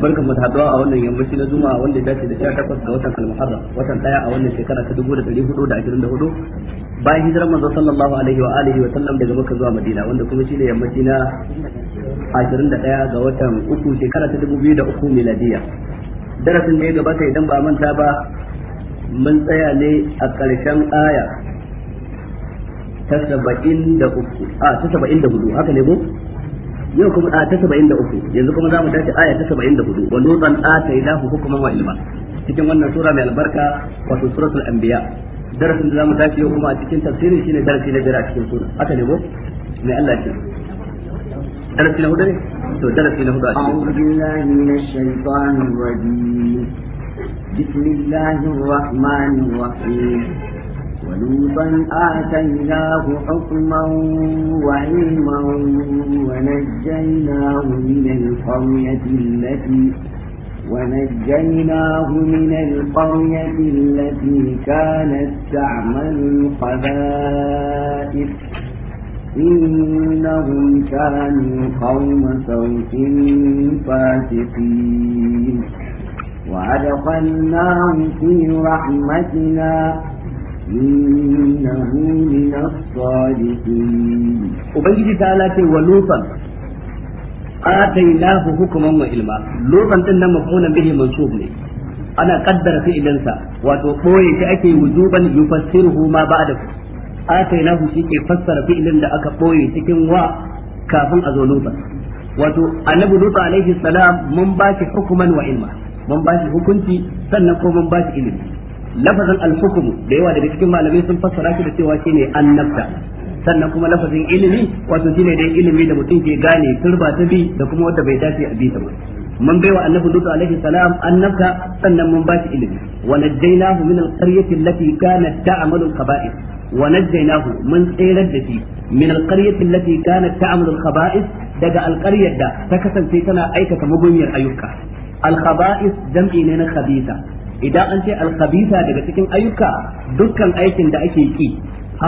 barka mu haɗuwa a wannan yammaci na juma'a wanda dace da 18 ga watan al-muharram watan daya a wannan shekara ta 1424 bayan hijirar manzo sallallahu alaihi wa alihi wa sallam daga makka zuwa madina wanda kuma shine yammaci na 21 ga watan uku shekara ta 2003 miladiya darasin da ya gabata idan ba manta ba mun tsaya ne a ƙarshen aya ta 73 a ta 74 haka ne ko yau kuma a ta da uku, yanzu kuma za mu tashi aya ta da 74 wa A lutan atainahu hukman wa ilma cikin wannan sura mai albarka wato suratul anbiya darasin da za mu tashi yau kuma a cikin tafsirin shine darasi na biyar a cikin sura haka ne ko mai Allah ce darasi na hudu ne to darasi na hudu a cikin a'udhu billahi minash shaitanir rajim bismillahir rahmanir rahim ولوطا آتيناه حكما وعلما ونجيناه من القرية التي ونجيناه من القرية التي كانت تعمل القبائل إنهم كانوا قوم سوء فاسقين وأدخلناهم في رحمتنا ubangiji ta ala ce wa lufan a ta yi lafi hukuman wa ilma lufan din nan mafaunan bihe manso ne ana kaddara fi idansa wato koyi ta ake yi wuzu ban yi fassir ma ba da ku a ta yi lafi shi ke fassara fi da aka koyi cikin wa kafin a zo lufan wato annabi lufa alaihi salam mun ba shi hukuman wa ilma mun ba shi hukunci sannan ko mun ba shi ilimi lafazin al da yawa daga cikin malamai sun fassara shi da cewa shine annabta sannan kuma lafazin ilimi wato shine dai ilimi da mutum ke gane turba ta bi da kuma wanda bai dace a bi ta ba mun baiwa annabi lutu alaihi salam annabta sannan mun ba shi ilimi wa najjaynahu min al-qaryati allati kanat ta'malu al-qaba'is wa najjaynahu mun tsirar da shi min al-qaryati allati kanat ta'malu al daga alqaryar da ta kasance tana aikata mugunyar ayyuka al jam'i ne na khabitha idan an ce alkhabisa daga cikin ayyuka dukkan aikin da ake ki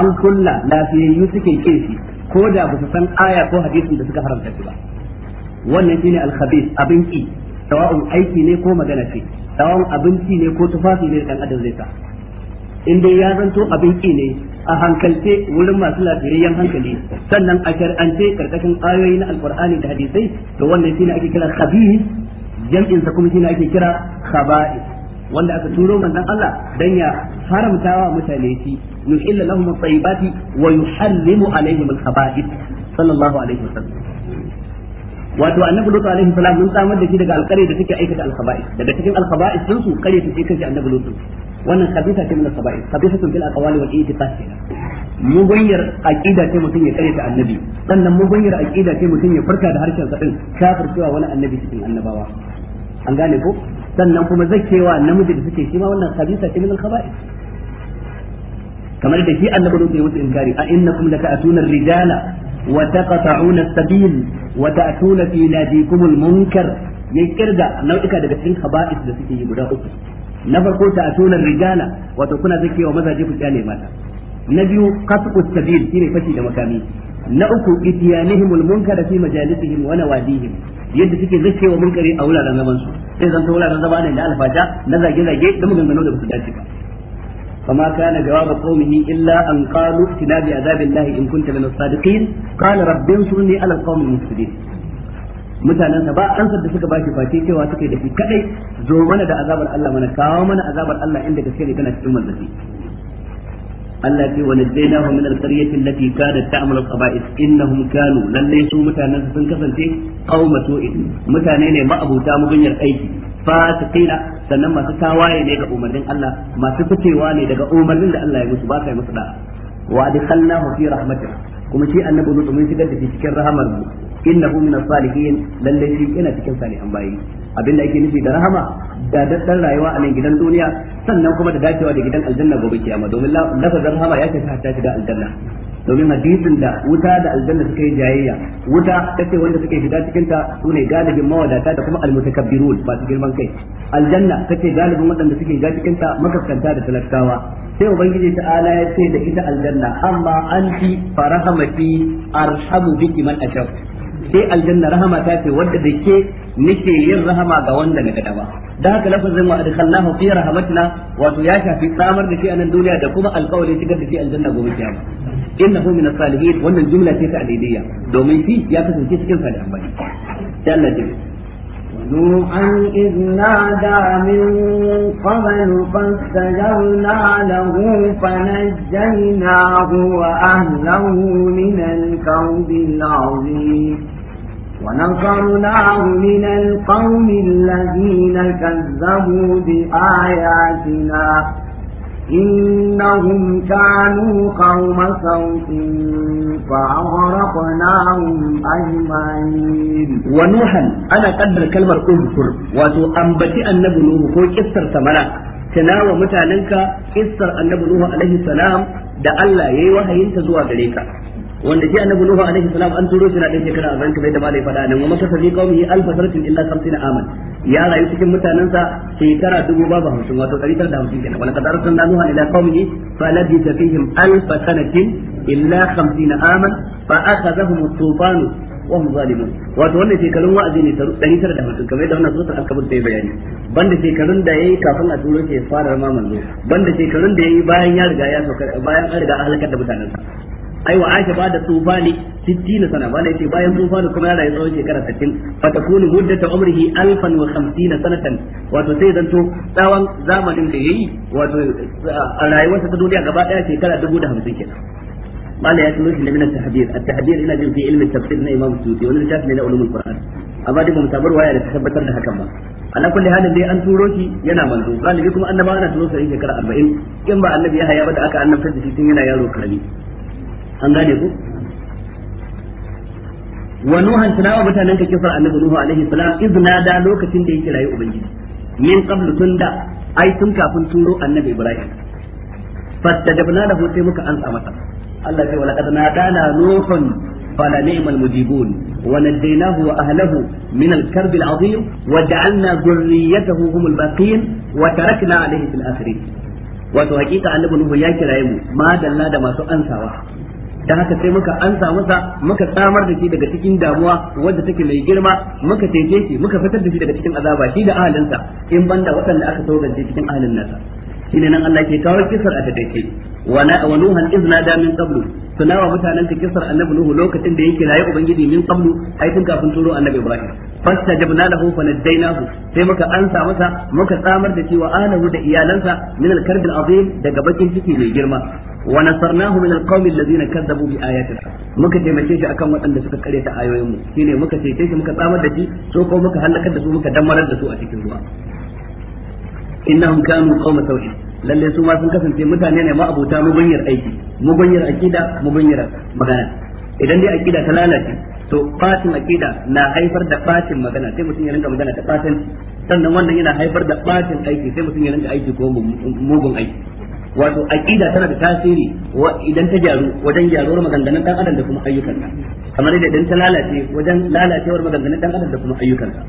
an kulla lafiyayyu suke kin shi ko da ba su san aya ko hadisin da suka haramta shi ba wannan shine alkhabis abin ki sawa'un aiki ne ko magana ce sawa'un abinci ne ko tufafi ne dan adam zai sa in dai ya zanto abin ki ne a hankalce wurin masu lafiyayyen hankali sannan a shar'ance karkashin ayoyi na alkur'ani da hadisai to wannan shine ake kira khabis jam'in sa kuma shine ake kira khaba'is wanda aka turo manzon Allah dan ya haramta wa mutane shi yuhillu lahum at-tayyibati wa yuharrimu alaihim al-khaba'ith sallallahu alaihi wasallam wato annabi lutu alaihi salam mun samar da shi daga alƙari da take aikata al-khaba'ith daga cikin al-khaba'ith sun su kare ta take annabi lutu wannan khabitha ce min al-khaba'ith khabithatun bil aqwali wal i'tiqad mugayyar aqida ce mutum ya kare ta annabi sannan mugayyar aqida ce mutum ya farka da harshen sa din kafir cewa wani annabi cikin annabawa an gane ko sannan kuma zakewa namiji da suke shi ma wannan khabisa ce min al-khaba'is kamar da shi annabi da yake musu inkari a innakum laka'atuna ar-rijala wa taqta'una as-sabil wa ta'tuna fi nadikum al-munkar ya kirda nau'ika daga cikin khaba'is da suke yi guda uku na farko ta'tuna ar-rijala wato kuna zakewa mazaje ku kyale mata na biyu qasqu as-sabil shine fashi da makami na uku itiyanihim almunkara fi majalisihim wa nawadihim yadda suke zakewa munkari a wuraren zaman su sai zan ta wuraren zama ne da alfata na zage zage da maganganu da basu dace ba فما كان جواب قومه إلا أن قالوا ائتنا بعذاب الله إن كنت من الصادقين قال رب انصرني على القوم المفسدين mutanen sa ba an da suka ba shi face cewa suka da shi kadai zo mana da azabar Allah mana kawo mana azabar Allah inda gaske ne tana cikin manzafi Allah ce wa najjaynahu min al-qaryati allati kanat ta'malu al-qaba'is innahum kanu lalle su mutanen sun kasance qauma su'in mutane ne ma'abuta mugunyar aiki fasiqina sannan masu tawaye ne ga umarnin Allah masu fitewa ne daga umarnin da Allah ya musu ba sai musu da wa adkhalnahu fi rahmatina kuma shi annabi lutu mun shigar da shi cikin rahamar mu innahu min as-salihin lalle shi yana cikin salihan bayi abinda ake nufi da rahama da daddan rayuwa a nan gidan duniya sannan kuma da dacewa da gidan aljanna gobe kiyama domin lafazin rahama ya ta ta shiga aljanna domin hadisin da wuta da aljanna suka yi jayayya wuta tace wanda suke shiga cikin ta sune galibin mawadata da kuma almutakabbirun ba su girman kai aljanna tace galibin wadanda suke shiga cikin ta makaskanta da talakawa sai ubangiji ta'ala ya ce da ita aljanna amma anti farahamati arhamu biki man ashaf sai aljanna rahama ta ce wanda da ke nake yin rahama ga wanda na gada ba da haka lafazin wa adkhalnahu fi rahmatina wato ya shafi samar da shi a nan duniya da kuma alƙawarin shigar da shi aljanna gobe kiyama innahu min as-salihin wannan jumla ce ta alidiyya domin shi ya kasance cikin salihan bane sai Allah ya نوحا إذ نادى من قبل فاستجبنا له فنجيناه وأهله من الكرب العظيم ونصرناه من القوم الذين كذبوا بآياتنا إنهم كانوا قوم سوء فأغرقناهم أجمعين ونوحا أنا قدر كلمة أذكر واتو أنبتي النبي نوح كو كسر ثمنا تناوى متعننك كسر النبي نوح عليه السلام da Allah ya yi wahayinta zuwa gare ka wanda shi annabi nuhu alaihi salam an turo shi na dan shekara 40 kamar yadda malai faɗa nan wa maka sabi qaumihi alfa sanatin illa 50 aman ya rayu cikin mutanansa shekara dubu babu 50 wato da 150 kenan wala kadar sun nuhu ila qaumihi fa ladhi fihim alfa sanatin illa 50 aman fa akhadhahum at-tufan wa hum zalimun wato wannan shekarun wa'azi ne 150 kamar yadda wannan sura al-kabir ta bayani banda shekarun da yayi kafin a turo shi ya fara ma manzo banda shekarun da yayi bayan ya riga ya sauka bayan an riga halakar da mutanansa ai wa aisha ba da tufani 60 sana ba yake bayan tufani kuma ya tsawon shekara 60 fa muddatu umrihi 1050 sanatan wato sai zanto tsawon zamanin da yayi wato a rayuwarsa ta duniya gaba daya shekara 1050 kenan mala ya tuno da minan tahbir at-tahbir ina jin fi ilmin tafsir na imam suyuti wani littafi ne na ulumul qur'an amma dai ba mu tabar waya da tabbatar da hakan ba ala kulli halin dai an turo shi yana manzo galibi kuma annaba ana turo sa shekara 40 in ba annabi ya haya ba da aka annabta da shi tun yana yaro karami an gane ku wa nuhan tunawa mutanen ka kisar annabi nuhu alaihi salam izna da lokacin da ya kirayi ubangiji min qablu tun da ai tun kafin turo annabi ibrahim fastajabna lahu sai muka ansa masa Allah ya wala kadana dana nuhun fala ni'mal mujibun wa nadainahu wa ahlihi min al-karb al-azim wa ja'alna dhurriyyatahu hum al-baqin wa tarakna alayhi fil akhirin wato hakika annabi nuhu ya kiraye mu madalla da masu ansawa da haka sai muka ansa masa muka samar da shi daga cikin damuwa wadda take mai girma muka teke shi muka fitar da shi daga cikin azaba shi da ahalinsa in banda waɗanda aka saurance cikin ahalin nasa shine nan Allah ke kawo kisar a take wa na wa nuhan izna da min qablu tunawa mutanen ka kisar annabi nuhu lokacin da yake rayi ubangiji min qablu ai tun kafin turo annabi ibrahim fastajabna lahu fanadainahu sai muka ansa masa muka tsamar da shi wa da iyalansa min al-karb al-azim daga bakin ciki mai girma wa nasarnahu min al-qawmi alladhina kadzabu bi ayatina muka taimake shi akan waɗanda suka kare ta ayoyin mu shine muka taimake shi muka tsamar da shi so ko muka halakar da su muka damarar da su a cikin ruwa innahum kanu qawma tawhid lalle su ma sun kasance mutane ne ma'abuta mugunyar aiki muganyar akida muganyar magana idan dai akida ta lalace to fatin akida na haifar da fatin magana sai mutum ya rinka magana ta fatin sannan wannan yana haifar da fatin aiki sai mutum ya rinka aiki ko mugun aiki wato akida tana da tasiri wa idan ta gyaru wajen gyaruwar maganganun dan adam da kuma ayyukansa kamar da idan ta lalace wajen lalacewar maganganun dan adam da kuma ayyukansa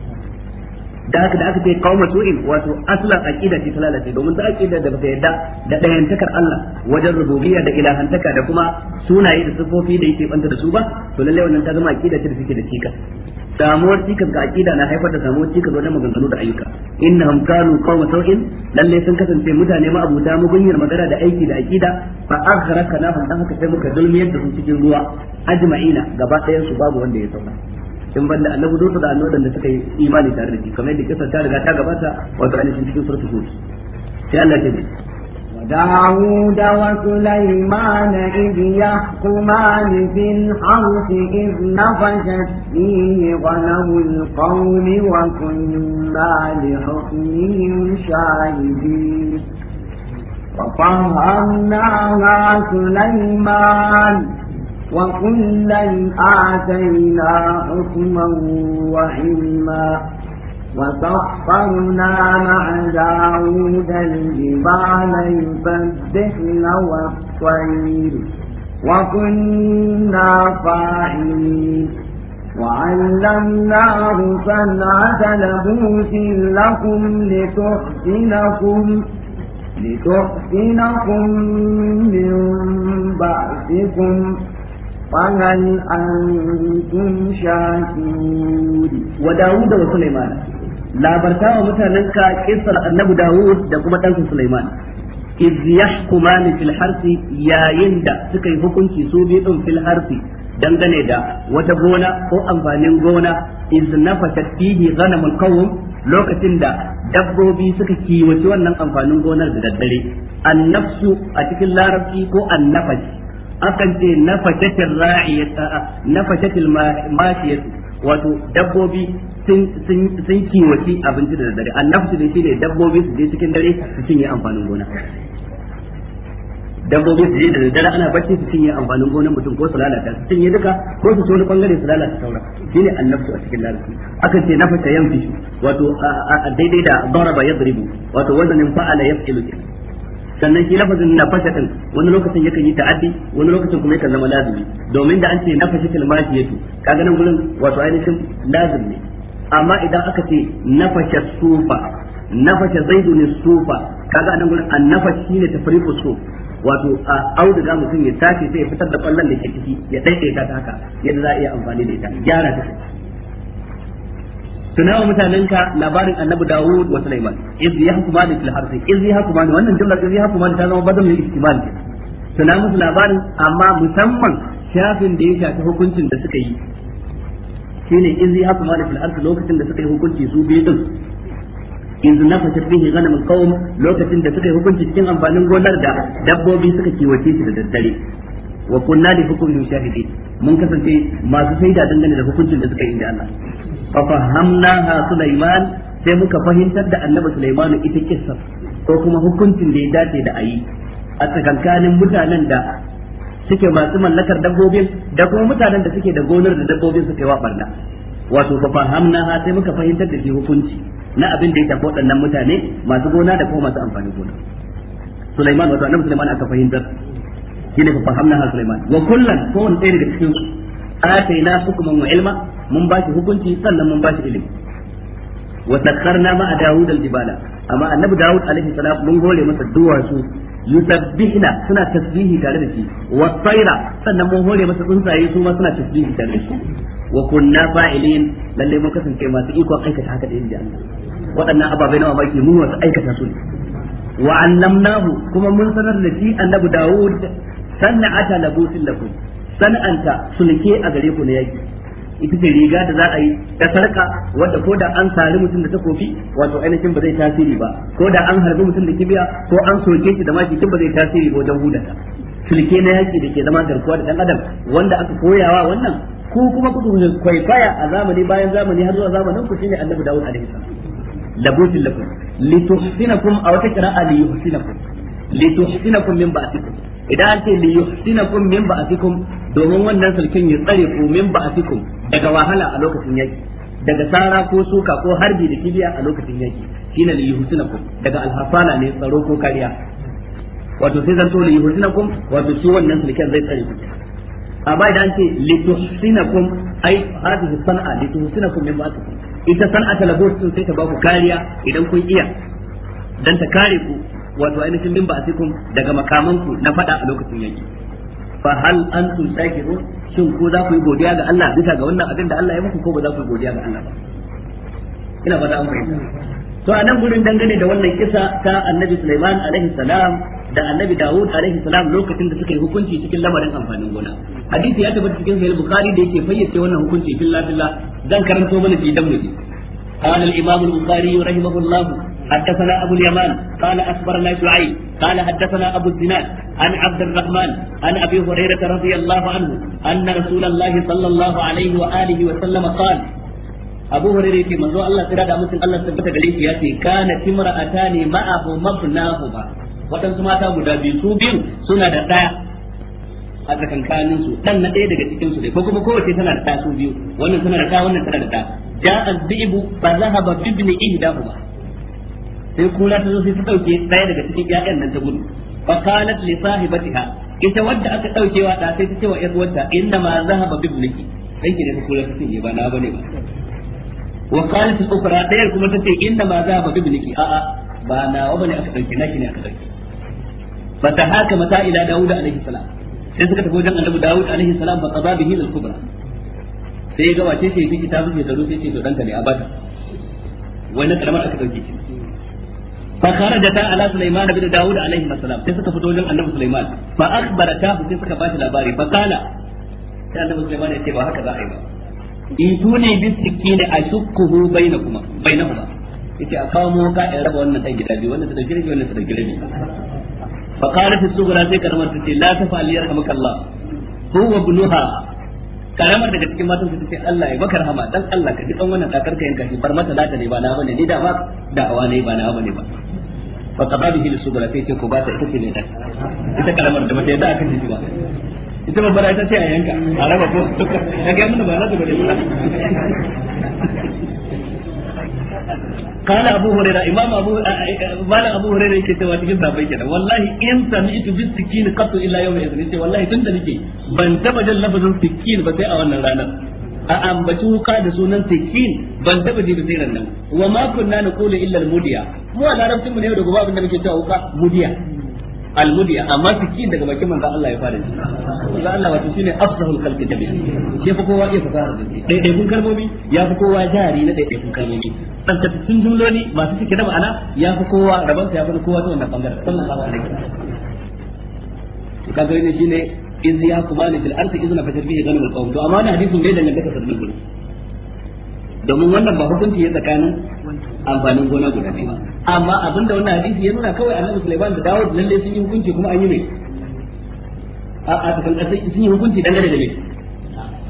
da haka da aka ce qauma su'in wato aslan aƙida ce ta lalace domin ta aƙida da bata yadda da dayantakar Allah wajen rububiyya da ilahantaka da kuma sunaye da sifofi da yake banta da su ba to lallai wannan ta zama aƙida ce da suke da cikas samuwar cikas ga aƙida na haifar da samuwar cikas wajen maganganu da ayyuka innahum kanu qauma su'in lallai sun kasance mutane ma abuta mugunyar magana da aiki da aqida fa na dan haka sai muka zulmiyar da su cikin ruwa ajma'ina gaba ɗayan su babu wanda ya sauka in banda annabi dutu da annabi da suka yi imani tare da shi kamar yadda kisa ta riga ta gabata wato ainihin cikin suratul hud sai Allah ta ce وداود وسليمان إذ يحكمان في الحرث إذ نفشت فيه غنم القوم وكنا لحكمهم شاهدين وطهرناها سليمان وكلا أعتينا حكما وعلما وسخرنا مع داود الجبال يسبحن والطير وكنا فاعلين وعلمناه صنعة لبوس لكم لتحسنكم لتحسنكم من بأسكم فهل أنتم شاكرون وداود وسليمان labarta wa mutanenka kisar annabi Dawud da kuma ɗansa Sulaiman iz yahkumani fil harsi yayin da suka yi hukunci su biyu din fil harsi dangane da wata gona ko amfanin gona iz nafashat fihi ghanamul qawm lokacin da dabbobi suka kiwaci wannan amfanin gonar da daddare annafsu a cikin larabci ko annafashi akan ce nafatashin na nafatashin mashiyatu wato dabbobi sun kiwaci abinci da dare an nafsu da shine dabbobi su je cikin dare su cinye amfanin gona dabbobi su je da dare ana bacci su cinye amfanin gona mutum ko su lalata su cinye duka ko su wani bangare su lalata sauran shine annabtu a cikin larabci akan ce nafata yanfi wato daidai da daraba yadribu wato wazanin fa'ala ilu kenan sannan shi lafazin na fashe din wani lokacin yakan yi ta'addi wani lokacin kuma yakan zama lazimi domin da an ce na fashe kalmati yato kaga nan gurin wato ainihin lazim ne amma idan aka ce na fashe sufa na fashe zaidu ne sufa kaga nan gurin an nafa shine tafriqu suf wato a auduga mutum ya tafi sai ya fitar da kwallon da ke ciki ya daidaita ta haka yadda za a iya amfani da ita gyara ta tunawa mutanenka labarin annabi Dawud wa Sulaiman iz yahkuma fil harfi iz yahkuma wannan jumla iz yahkuma ta zama badal lil istimal tuna musu labarin amma musamman shafin da ya shafi hukuncin da suka yi shine iz yahkuma fil harfi lokacin da suka yi hukunci su biyu din iz nafashat bihi ghanam alqawm lokacin da suka yi hukunci cikin amfanin gonar da dabbobi suka kiwace shi da daddare wa kunna li hukmi shahidi mun kasance masu shaida dangane da hukuncin da suka yi da Allah fa fahamnaha Sulaiman sai muka fahimtar da annabi Sulaiman ita kissa ko kuma hukuncin da ya dace da ayi a tsakankanin mutanen da suke masu mallakar dabbobin da kuma mutanen da suke da gonar da dabbobin suke wa barna wato fa sai muka fahimtar da shi hukunci na abin da ya tafi waɗannan mutane masu gona da kuma masu amfanin gona Sulaiman wato annabi Sulaiman aka fahimtar shine fa ha Sulaiman wa kullan kowanne ɗaya daga cikin su ataina hukuman wa ilma mun ba shi hukunci sannan mun ba shi ilimi wa nama ma Dawud al-jibala amma annabi Dawud alaihi salam mun hore masa duwatsu yusabbihna suna tasbihi tare da shi wa tsaira sannan mun hore masa tsuntsaye su ma suna tasbihi tare da shi wa kunna fa'ilin lalle mun kasance masu ikon aikata haka da inda waɗannan ababai na mamaki mun wasu aikata su wa annamnahu kuma mun sanar da shi annabi Dawud sana'ata labusin lakum sana'anta sulke a gare ku na yaki ita ce riga da za a yi ta sarka wanda ko da an sari mutum da takofi wato ainihin ba zai tasiri ba ko da an harbi mutum da kibiya ko an soke shi da maki ba zai tasiri ba wajen hudata sulke na yaki da ke zama garkuwa da dan adam wanda aka koyawa wannan ko kuma ku kwaikwaya a zamani bayan zamani har zuwa zamanin ku shine annabi dawud alaihi salam labutin lakum litusinakum aw takra ali yuhsinakum litusinakum min ba'dikum idan an ce kun min ba'atikum domin wannan sarkin ya tsare ku min ba'atikum daga wahala a lokacin yaki daga sara ko suka ko harbi da kibiya a lokacin yaki shine kun daga alhasana ne tsaro ko kariya wato sai zanto kun wato shi wannan sarkin zai tsare ku amma idan an ce kun ai hadhihi sina kun min ba ba'atikum ita san'a talabut sai ta ba ku kariya idan kun iya dan ta kare ku wato ainihin a ba'atikum daga makamanku na fada a lokacin yaki fa hal antum shakirun shin ko za ku yi godiya ga Allah bisa ga wannan abin da Allah ya muku ko ba za ku yi godiya ga Allah ba ina fata an fahimta to a nan gurin dangane da wannan kisa ta Annabi Sulaiman alaihi salam da Annabi Dawud alaihi salam lokacin da suka yi hukunci cikin lamarin amfanin gona hadisi ya tabbata cikin sahih bukhari da yake fayyace wannan hukunci billahi billah zan karanto mana shi dan mu قال الإمام البخاري رحمه الله حدثنا أبو اليمان قال أخبرنا شعيب قال حدثنا أبو الزناد عن عبد الرحمن عن أبي هريرة رضي الله عنه أن رسول الله صلى الله عليه وآله وسلم قال أبو هريرة في منذ الله سرادة مثل الله ثبت عليه ياتي كانت امرأتان معه مبناهما waɗansu mata guda biyu su biyu suna da ɗaya a tsakankanin su dan na ɗaya daga cikin su dai ko kuma kowace tana da ɗa su biyu wannan tana da ɗa wannan tana da ɗa ja'a dhibu fa zahaba bibni ihdahuma sai kula ta zo sai ta dauke daya daga cikin ƴaƴan nan ta gudu fa qalat li sahibatiha ita wadda aka daukewa ta sai ta ce wa ƴar uwarta inna ma zahaba bibniki dan ki ne ta kula ta ce ba na bane ba wa qalat al ukhra ɗayar kuma ta ce inna ma zahaba bibniki a a ba na bane aka dauke naki ne aka dauke fa ta haka mata ila dauda alaihi salam sai suka tafi wajen annabi daud alaihi salam ba qada bihi al kubra sai ga wace ce ta kitabu da rufe ce to danka ne a bata wannan karamar aka dauke ki فخرجتا على سليمان بن داود عليه السلام sai suka fito wajen annabi Sulaiman fa akhbarata sai suka bashi labari fa kana sai Sulaiman ya ce ba haka za a yi ba ituni bisiki da ashukkuhu bainakuma bainakuma yace a kawo mu ka in raba wannan dan gida biyu wannan da girbi wannan da girbi fa qalat as-sughra sai karamar ta ce la tafal yarhamuka Allah huwa ibnuha karamar daga cikin matan ta ce Allah ya baka rahama dan Allah ka ji dan wannan kakar ka yanka shi bar mata lata ne ba na bane ni da ba da'awa ne ba na bane ba fa qadabihi lisugura sai ce ko ba ta ita ce ne da ita karamar da mata yadda aka ji ba ita babbar ita ce a yanka a raba ko ta ga mun ba za ta bari ba قال ابو هريره امام ابو مال ابو هريره yake cewa cikin sabai kenan wallahi in sami'tu bis sikin qattu illa yawm idhin yace wallahi tunda nake ban taba jin lafazin sikin ba sai a wannan ranar a ambaci wuka da sunan tekin ban taba ji bisiran nan wa ma kunna kula illa almudiya mudiya mu a larabcin mu ne da gobe da muke cewa wuka mudiya al-mudiya amma tekin daga bakin manzo Allah ya fara shi manzo Allah wato shine afsahul khalqi jami'a shi fa kowa iya fara da dai dai kun kalmomi ya fa kowa jari na dai dai kun kalmomi tsantattun jumloli masu cike da ma'ana ya fa kowa rabanta ya fa kowa ta wannan bangaren sallallahu alaihi wasallam kaga ne shine iz ya kumani fil ardi izna fajar bihi ganam al qawm to amma wannan hadisin bai danganta sabbin gurin domin wannan ba hukunci ya tsakanin amfanin gona guda biyu amma abinda wannan hadisi yanuna kawai annabi Sulaiman da Dawud lalle sun yi hukunci kuma an yi mai a a takan sun yi hukunci dangane da me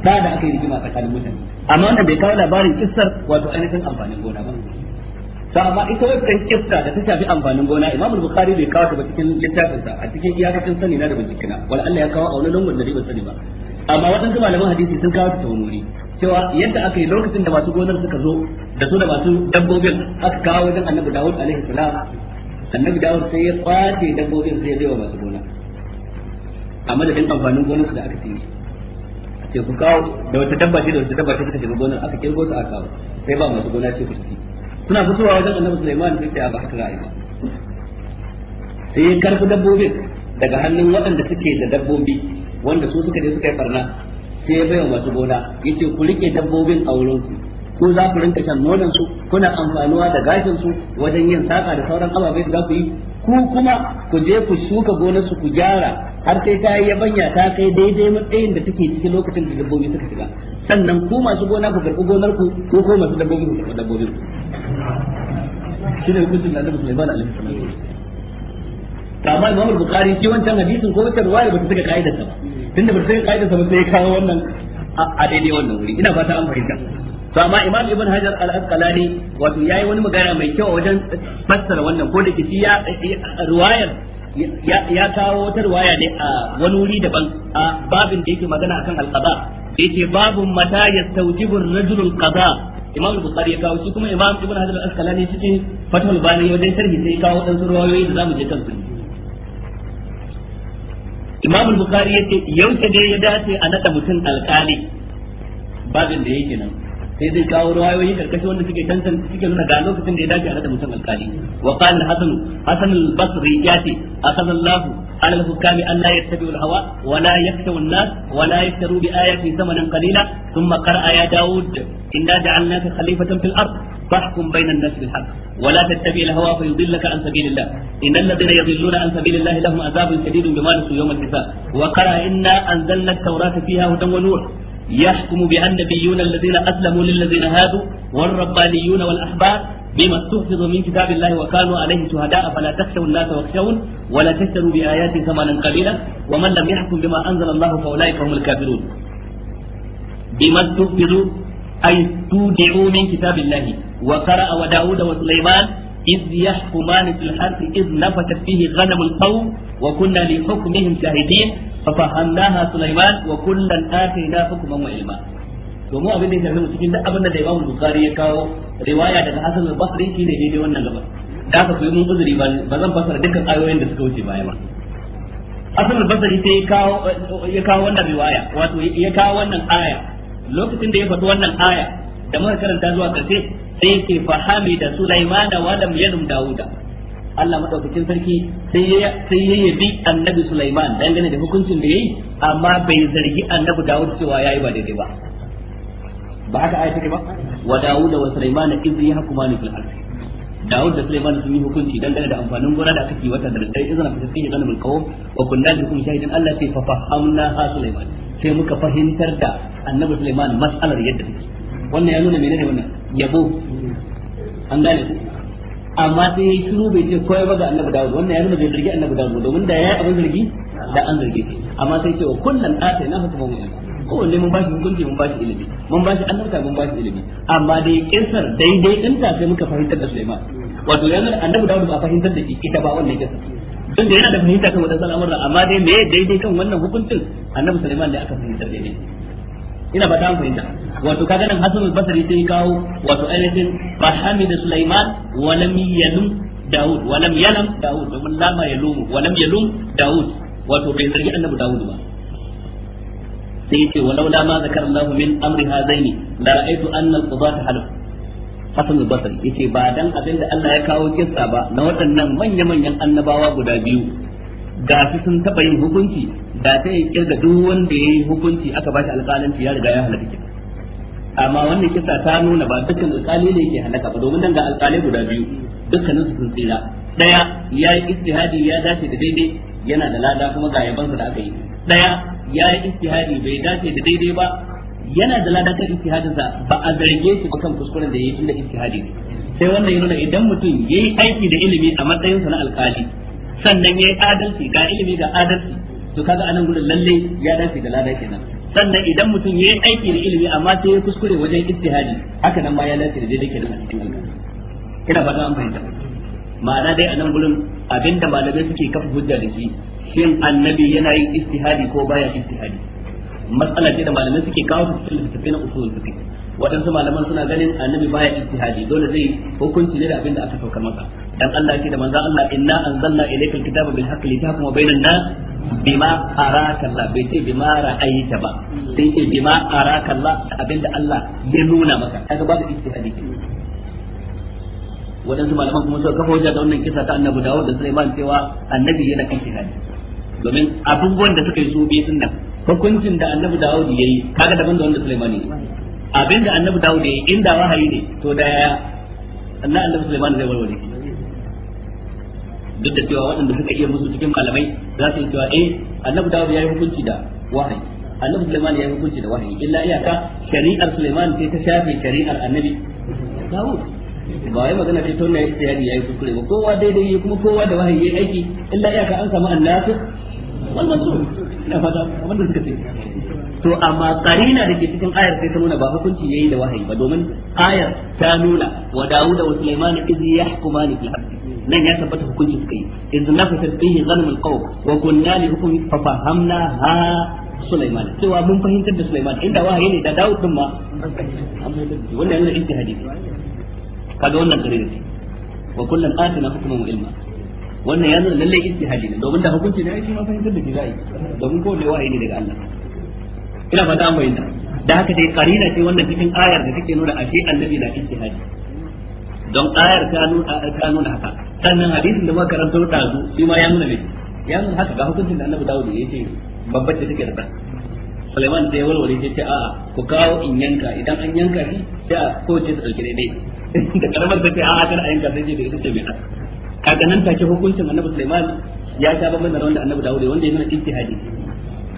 da da aka yi rigima tsakanin mutane amma wannan bai kawo labarin kissar wato ainihin amfanin gona ba sa amma ita kan kista da ta shafi amfanin gona Imam Bukhari bai kawo ta ba cikin sa a cikin iyakacin sani na da bincikina wala Allah ya kawo a wani lungun da bai sani ba amma waɗansu malaman hadisi sun kawo ta ta wani cewa yadda aka yi lokacin da masu gonar suka zo da su da masu dabbobin aka kawo wajen Annabi Dawud alaihi salam Annabi Dawud sai ya kwace dabbobin sai ya bai wa masu gona a madadin amfanin gonar su da aka tsiri ce ku kawo da wata dabba ce da wata dabba ce suka shiga gonar aka kirgo su a kawo sai ba masu gona ce ku tafi suna fitowa wajen annabi Sulaiman sai ya ba haka ra'ayi sai ya karfi dabbobin daga hannun waɗanda suke da dabbobi wanda su suka je suka yi barna sai ya bayyana masu gona yace ku rike dabbobin a wurin ku ko za ku rinka shan nonon su kuna amfanuwa da gashin su wajen yin saka da sauran ababai da za ku yi ku kuma ku je ku shuka gonar su ku gyara har sai ta yi yabanya ta kai daidai matsayin da take cikin lokacin da dabbobi suka shiga sannan ku masu gona ku karɓi gonar ku ko ko masu dabbobi ku karɓi dabbobin ku shi ne hukuncin da Annabi Sulaiman alaihi salam amma Imam Bukhari shi wancan hadisin ko wata riwaya ba ta saka kaidar sa ba tunda ba ta saka kaidar sa ba sai ya kawo wannan a daidai wannan wuri ina fata an fahimta to amma Imam Ibn Hajar al-Asqalani wato yayi wani magana mai kyau wajen fassara wannan ko da kishi ya riwayar ya kawo wata riwaya ne a wani wuri daban a babin da yake magana akan al-qada yace babu mata ya taujibu rajulul qada imam bukhari ya kawo shi kuma imam ibn hajar al-asqalani cikin fatul bani dai sharhi sai kawo dan surwayoyi da zamu je kansu imam al-bukhari yace ce dai ya dace a nada mutun alqali babin da yake nan sai zai kawo ruwayoyi karkashin wanda suke tantance suke nuna ga lokacin da ya dace a nada mutum alkali wa qala hasan al-basri ya ce akhadha Allah ala al-hukam an la yattabi'u al-hawa wa la an-nas wa la bi ayati thamanan qalila thumma ya daud inna ja'alnaka khalifatan fil ard fahkum bayna an-nas bil haqq wa la tattabi' al-hawa fa yudillaka an sabilillah innal ladhina yudilluna an sabilillah lahum adhabun shadidun bima nasu yawm al-hisab wa inna anzalna at-taurata fiha hudan wa nur يحكم بها النبيون الذين أسلموا للذين هادوا والربانيون والأحبار بما استحفظوا من كتاب الله وكانوا عليه شهداء فلا تخشوا الناس واخشون ولا تشتروا بآياتي ثمنا قليلا ومن لم يحكم بما أنزل الله فأولئك هم الكافرون بما استحفظوا أي استودعوا من كتاب الله وقرأ وداود وسليمان إذ يحكمان في الحرث إذ نفتت فيه غنم القوم وكنا لحكمهم شاهدين ففهمناها سليمان وكلا آتينا حكما وعلما domin abin da ya shafi cikin duk abin da Imam Bukhari ya kawo riwaya daga Hasan al-Basri shine daidai wannan gaba da aka koyi mun uzuri ba zan fasara dukkan ayoyin da suka wuce baya ba Hasan al-Basri sai ya kawo wannan riwaya wato ya kawo wannan aya lokacin da ya faɗi wannan aya da muka karanta zuwa ƙarshe sai ke fahami da Sulaimana wa lam yalum Dawuda Allah madaukakin sarki sai ya sai ya yabi annabi Sulaiman dangane da hukuncin da yayi amma bai zargi annabi Dawud cewa yayi ba daidai ba ba haka ayi take ba wa Dawuda wa Sulaimana idh yahkumani fil ardi Dawud da Sulaiman sun yi hukunci dangane da amfanin gona da aka yi wata da dai izina fa sai izina bil kawo wa kunna lakum shahidan Allah sai fa fahamna ha Sulaiman sai muka fahimtar da Annabi Sulaiman mas'alar yadda take wannan ya nuna nuna wannan yabo an gane ku amma sai ya shuru bai ce koyar ba ga annabi dawud wannan ya nuna bai zargi annabi dawud domin da ya yi abin zargi da an zarge shi amma sai ce wa kullum ɗata na hukuma mu wanne mun bashi hukunci mun bashi ilimi mun bashi annabta mun bashi ilimi amma dai kinsar daidai ta sai muka fahimtar da Sulaiman wato yanzu annabi dawud ba fahimtar da ita ba wannan kisar don da yana da fahimta kan wadansu al'amuran amma dai me daidai kan wannan hukuncin annabi Sulaiman da aka fahimtar daidai ina ba ta fahimta wato kaga nan hasan basri sai kawo wato ainihin da sulaiman wa lam yalum daud wa lam yalam daud domin lama yalum wa lam yalum daud wato bai zargi annabi daud ba sai ce walau la ma zakar Allah min amri hadaini la ra'aytu anna al-qudat halaf hasan basri yace ba dan abin da Allah ya kawo kissa ba na waɗannan manya-manyan annabawa guda biyu gashi sun taba yin hukunci da ta ya kirga duk wanda ya yi hukunci aka ba shi alƙalanci ya riga ya halaka kisa amma wannan kisa ta nuna ba dukkan alƙali ne ke halaka ba domin nan ga alƙalai guda biyu dukkanin su sun tsira daya ya yi istihadi ya dace da daidai yana da lada kuma ga yabansa da aka yi daya ya yi istihadi bai dace da daidai ba yana da lada kan sa ba a zarge shi ba kan kuskuren da ya yi tunda istihadi ne sai wannan ya nuna idan mutum ya yi aiki da ilimi a matsayinsa na alƙali sannan ya yi adalci ga ilimi ga adalci to kaga anan gurin lalle ya dace da lada kenan sannan idan mutum yayi aiki da ilimi amma sai ya kuskure wajen ijtihadi haka nan ma ya dace da daidai kenan a cikin ina fata an fahimta ma'ana dai anan gurin abinda malamai suke kafa hujja da shi shin annabi yana yin ijtihadi ko baya ijtihadi matsala ce da malamai suke kawo su cikin littattafai na usul fiqh waɗansu malaman suna ganin annabi baya ijtihadi dole zai hukunci ne da abinda aka saukar masa dan Allah yake da manzon Allah inna anzalna ilayka alkitaba bil haqqi litahkuma bainan nas bima araka Allah bai ce bima ra'aita ba sai ce bima araka Allah abinda Allah ya nuna maka kaga babu istihadi wadansu malaman kuma suka kafa hoja da wannan kisa ta annabi Dawud da Sulaiman cewa annabi yana kan istihadi domin abubuwan da suka yi su biyu nan hukuncin da annabi Dawud yayi kaga daban da wanda Sulaiman yayi abinda annabi ya yayi inda wahayi ne to da na annabi Sulaiman zai warware shi duk da cewa waɗanda suka iya musu cikin malamai za su yi cewa eh annabi dawud ya yi hukunci da wahayi annabi sulaiman ya yi hukunci da wahayi illa iyaka shari'ar Suleiman sai ta shafe shari'ar annabi dawud ba wai magana ce tonna yayi tayari yayi kuskure ba kowa daidai yayi kuma kowa da wahayi yayi aiki illa iyaka an samu annabi wal mansur ina fata wanda suka ce to amma karina da ke cikin ayar sai ta nuna ba hukunci yayi da wahayi ba domin ayar ta nuna wa dawud wa Suleiman idh yahkumani fil haqqi nan ya tabbata hukunci suka yi iz nafasat fihi ghanam alqawm wa kunna li hukmi fa fahamna ha Sulaiman cewa mun fahimtar da Sulaiman inda wahayi ne da Dawud din ma wannan yana ijtihadi kaga wannan gare ne wa kullun atina hukman wa ilma wannan ya nuna lalle ijtihadi ne domin da hukunci ne shi ma fahimtar da jizai domin ko da wahayi ne daga Allah ina fata an bayyana da haka dai karina ce wannan cikin ayar da take nuna ashe annabi na ijtihadi don ayar ta nuna haka sannan hadisin da muka karanta da su shi ma ya nuna ne ya nuna haka ga hukuncin da Annabi Dawud ya ce babbar da take da Suleiman da ya walwale ya ce a'a ku kawo in yanka idan an yanka shi sai a ko ce ta dauke daidai da karamar ta ce a'a kar a yanka sai ce da ita ce mai haka kaga nan take hukuncin Annabi Suleiman ya sha bamban da wanda Annabi da wanda ya nuna ijtihadi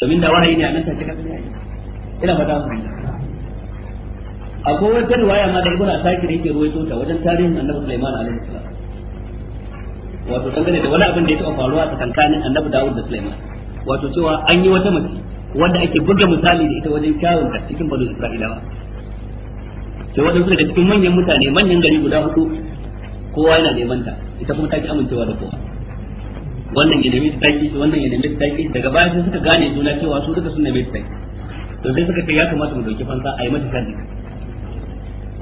domin da wahayi ne a nan take kaga ina fata mu akwai wata riwaya ma da ibn asakir yake ruwaito ta wajen tarihin annabi sulaiman alaihi salam wato dangane da wani abin da ya taɓa faruwa tsakanin annabi dawud da sulaiman wato cewa an yi wata mace wanda ake buga misali da ita wajen kyawun da cikin banu isra'ilawa sai waɗansu daga cikin manyan mutane manyan gari guda hudu kowa yana neman ta ita kuma ta ki amincewa da kowa wannan ya nemi taki wannan ya nemi taki daga baya sai suka gane juna cewa su duka sun nemi taki to sai suka ce ya kamata mu dauki fansa a yi mata sharri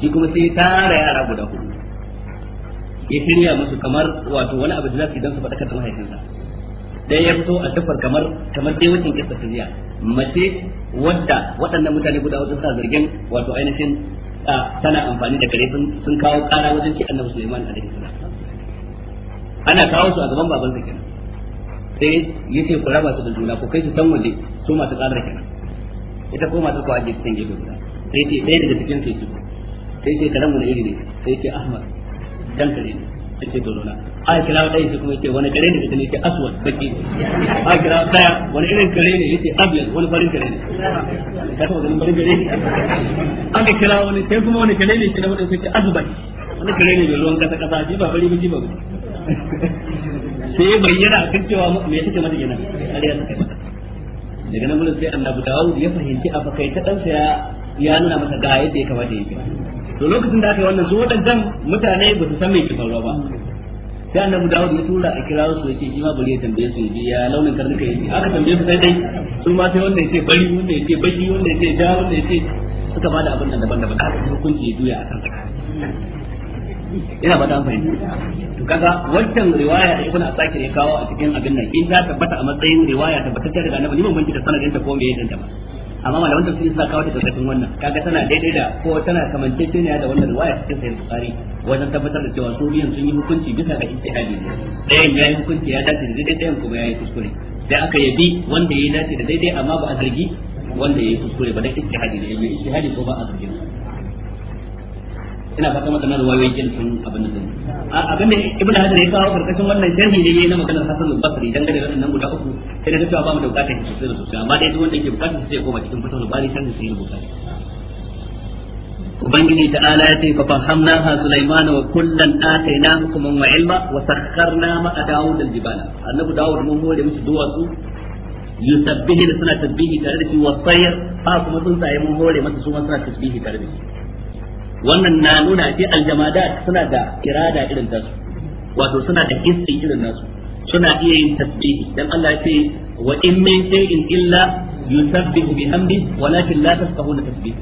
shi kuma sai tara yara guda hudu ya shirya musu kamar wato wani abu da za su idan su faɗakar da mahaifinsa ya fito a tafar kamar kamar dai wucin kisa duniya mace wadda waɗannan mutane guda wajen sa zargin wato ainihin tana amfani da gare sun sun kawo kara wajen ci annabi Sulaiman alaihi salam ana kawo su a gaban baban sa kenan sai ce ku raba su da juna ko kai su san wanda su masu karar kenan ita ko masu ko aje cikin gefe guda sai ce ɗaya daga cikin sai su sai ce karen wani iri ne sai ce ahmad dan kare ne sai ce dolona a kira ɗaya sai kuma yake wani kare ne sai yake aswad baki a kira ɗaya wani irin kare ne yake abiyad wani farin kare ne ka taɓa ganin farin kare ne aka kira wani sai kuma wani kare ne kira wani sai ce azubat wani kare ne mai ruwan kasa kasa shi ba fari ba ji ba sai bayyana a kan cewa me take mata yana kariya take mata daga nan gurin sai annabi Dawud ya fahimci a fakai ɗansa ya ya nuna masa ga yadda ya kamata ya yi to lokacin da aka yi wannan su waɗannan mutane ba su san mai ke faruwa ba sai annabi Dawud ya tura a kira su yake shi ma bari ya tambaye su ji ya launin karnuka yake aka tambaye su sai dai su ma sai wanda yake bari wanda yake baki wanda yake ja wanda yake suka bada abin nan daban-daban da aka hukunci ya juya a kan tsaka ina ba ta fahimta to kaga wancan riwaya da ibnu asakir ya kawo a cikin abin nan in ta tabbata a matsayin riwaya ta daga annabi ni ban da sanadin ta ko me yadda ba amma malaman tafsiri suna kawo ta karkashin wannan kaga tana daidai da ko tana ne da wannan riwaya cikin sahih bukari wajen tabbatar da cewa su biyan sun yi hukunci bisa ga ijtihadi ne ɗayan yayi hukunci ya dace da daidai ɗayan kuma yayi kuskure sai aka yabi wanda yayi dace da daidai amma ba a zargi wanda yayi kuskure ba dan ijtihadi ne yayi ijtihadi ko ba a zargi sa ina mata waɗannan ruwayoyi kin sun abin da abin da ibn hajar ya kawo karkashin wannan sharhi ne na maganar hasan al-basri dan gare wannan guda uku sai da cewa ba mu da bukatar shi sosai da sosai amma dai duk wanda yake bukatar sai ya koma cikin fatawar bari sharhi sai ya bukatar ubangiji ta'ala ya ce fa ha sulaiman wa kullan atayna hukman wa ilma wa sakharna ma daud al-jibala annabi daud mun hore musu duwatsu yusabbihi suna tasbihi tare da shi wa tayr ha kuma tsuntsaye mun hore masa su ma suna tasbihi tare da shi wannan na nuna ce aljamadat suna da kirada irin tasu wato suna da hissi irin nasu suna iya yin tasbihi dan Allah ya ce wa in min shay'in illa yusabbihu bihamdi walakin la tafqahuna tasbihi.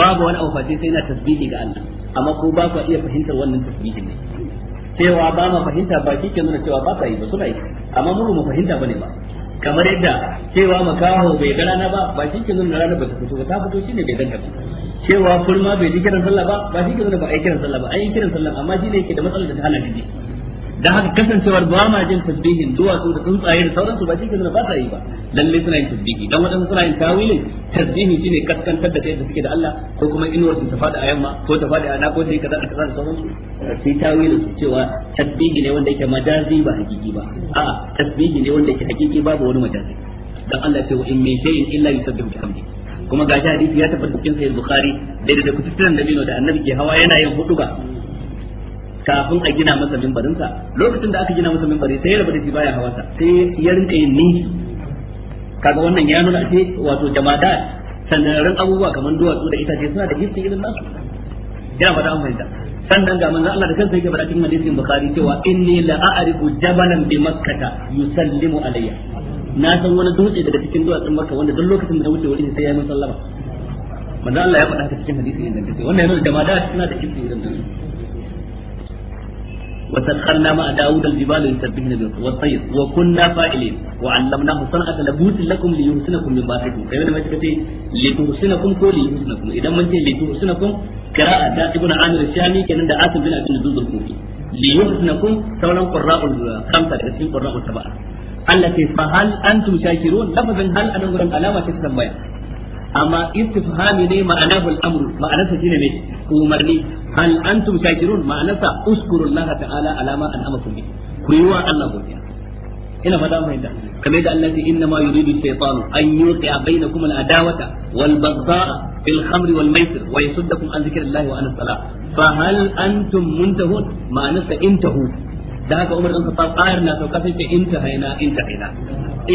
babu wani abu face sai na tasbihi ga Allah amma ko ba ku iya fahimtar wannan tasbihin ne cewa ba ma fahimta ba shi ke nuna cewa ba ka yi ba suna yi amma mu mu fahimta bane ba kamar yadda cewa makaho bai ga rana ba ba shi ke nuna rana ba ta fito ba ta fito shine bai ganta ba cewa kurma bai ji kiran sallah ba ba shi kiran ba ai kiran sallah ba ai kiran sallah amma shi ne yake da matsalar da ta hana ji dan haka kasancewar ba ma jin tasbihin duwatsu da tsuntsaye da sauransu ba shi kiran ba ta yi ba lalle suna yin tasbihi dan wadansu suna yin tawilin tasbihi shine kaskantar da kai da suke da Allah ko kuma inuwar su ta fada a yamma ko ta fada a na ko dai kaza da kaza da sauransu sai tawilin su cewa tasbihi ne wanda yake majazi ba hakiki ba a tasbihi ne wanda yake hakiki ba wani majazi dan Allah ya ce wa in min shay'in illa yusabbihu bihamdihi kuma ga shi hadisi ya tabbata cikin sahih bukhari daidai da kututturan dabino da annabi ke hawa yana yin huduga kafin a gina masa sa lokacin da aka gina masa minbari sai ya rabu da shi baya hawa sa sai ya rinka yin ninki kaga wannan ya nuna ce wato jama'a sanararrun abubuwa kamar duwatsu da itace suna da hissi irin nasu ina fata an fahimta sannan ga manzo Allah da kansa yake faɗa cikin hadisin bukhari cewa inni la a'rifu jabalan bi makkata yusallimu alayya na san wani dutse daga cikin duwatsun Makka wanda duk lokacin da na wuce wurin sai ya min sallama manzo Allah ya faɗa haka cikin hadisi inda kace wannan yana da jama'a suna da kitse irin nan wa sakharna ma daud al jibal yusabbihuna bi wa tayr wa kunna fa'ilin wa 'allamnahu san'ata labut lakum li yuhsinakum min ba'dikum kai wannan mai kace li tuhsinakum ko li yuhsinakum idan mun ce li tuhsinakum qira'a ta ibn amir shami kenan da asim bin abdul zuzul kufi li yuhsinakum sauran qurra'ul khamsa da cikin qurra'ul sab'a allati fa hal antum shakirun lafazin hal anan gurin alama ce ta tambaya amma istifhami ne ma'anahu al-amr ma'anarsa shine ne umarni hal antum shakirun ma'anarsa uskurullaha ta'ala alama an'amakum bi ku yi wa Allah godiya ina fata mu yadda kamar da Allah ya inna ma yuridu shaytanu an yuqi'a bainakum al-adawata wal baghdha'a fil khamri wal maisir wa yasuddakum an dhikrillahi wa an as fa hal intahu da haka Umar bin fara ayar na sauka sai ce inta haina inta haina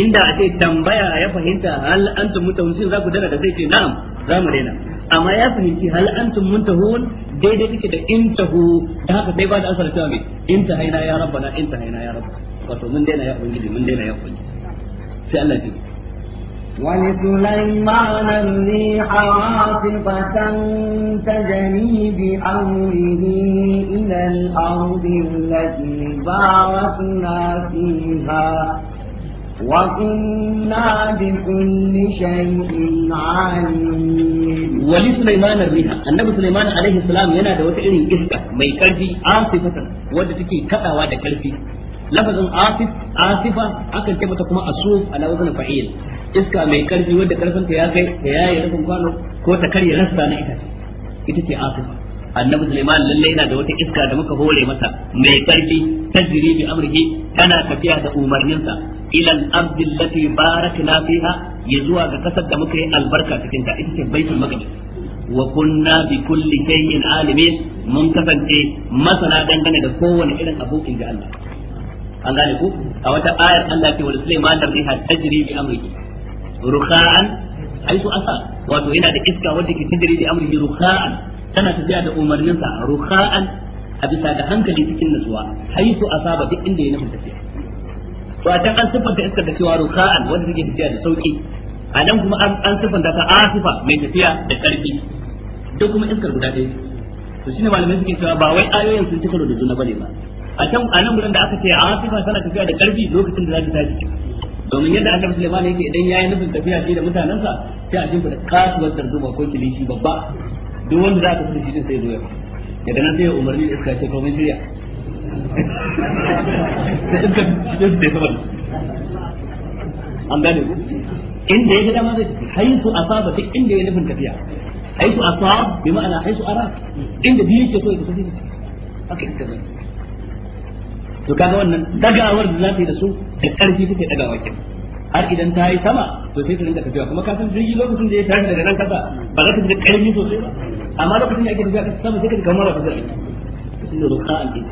inda a ce tambaya ya fahimta hal antum muntahun za ku dana da sai ce na'am za mu daina amma ya fahimci hal antum muntahun daidai take da intahu da haka sai ba da asar cewa me inta haina ya rabbana inta haina ya rabbana wato mun daina ya ubangiji mun daina ya ubangiji sai Allah ya ولسليمان الريح عاصفة تجري بأمره إلى الأرض التي باركنا فيها وكنا بكل شيء عليم ولسليمان الريح النبي سليمان عليه السلام ينا da wata irin iska mai karfi asifatan wadda take kadawa da karfi lafazin asif asifa akan ce mata kuma asuf ala wazn fa'il iska mai karfi wadda karfin ta ya kai ta yayi rufin kwano ko ta karya rasta na itace ita ce asifa annabi Sulaiman lalle yana da wata iska da muka hore masa mai karfi tajri bi amrihi tana tafiya da umarninsa ila al-ard allati barakna fiha zuwa ga kasar da muka yi albarka cikin ta ita ce baitul maqdis wa kunna bi kulli shay'in alimin mun kasance masana dangane da kowane irin abokin da Allah an gane ku a wata ayar Allah ce wa Sulaiman da riha tajri bi amrihi rukha'an haitu asa wato yana da iska wanda ke tajiri da amri rukha'an tana tafiya da umarninsa rukha'an a bisa da hankali cikin nutsuwa haitu asaba duk inda ya nufin tafiya to a can an siffanta iskar da cewa rukha'an wanda take tafiya da sauki a nan kuma an siffanta ta asifa mai tafiya da karfi duk kuma iskar guda ɗaya to shine malamai suke cewa ba wai ayoyin sun ci karo da juna bane ba a can a nan gurin da aka ce asifa tana tafiya da karfi lokacin da za ta tashi domin yadda rasu Sulaiman yake idan ya yi nufin tafiya shi da mutanensa sai a jinfa da kasuwar darduma ko kilishi babba duk wanda za ka da shi sai zo ya daga nan sai ya umarni da iska ce ko shirya an gane ku inda ya ga dama zai tafi haisu asaba duk inda ya nufin tafiya haisu saba bi ma'ana haisu ra inda biyu yake so ya tafi shi ita to kaga wannan dagawar da za yi da su da karfi take dagawa kin har idan ta yi sama to sai ta dinga tafiya kuma ka san jirgi lokacin da ya tashi daga nan kasa ba za ta dinga karfi sosai ba amma lokacin da ake tafiya ka sama sai ka dinga mara fasar shi ne roƙa an ɗin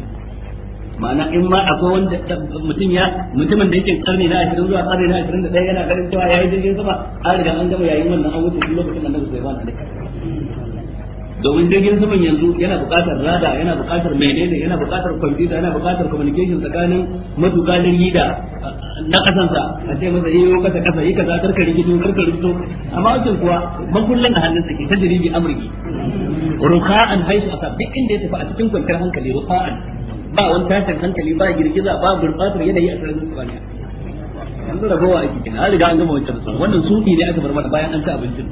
ma'ana in ma akwai wanda mutum ya mutumin da yake karni na 20 zuwa karni na 21 yana ganin cewa yayi jirgin sama har idan an gama yayin wannan an wuce lokacin da sai ba na alaihi domin jirgin saman yanzu yana buƙatar rada yana buƙatar menene yana buƙatar kwamfuta yana buƙatar communication tsakanin matuƙa jirgi da eh, na kasansa a ce masa eh, yi kasa kasa yi kaza karka rikito karka rikito amma wajen kuwa makullin a hannun ke ta jirgi amurki ruka'an haisu a sabbi inda ya tafi a cikin kwanciyar hankali ruka'an ba wani tashin hankali ba girgiza ba gurbatar yanayi a sararin An yanzu ragowa ake cikin an riga an gama wancan su wannan sufi ne aka bar mana bayan an ci abincin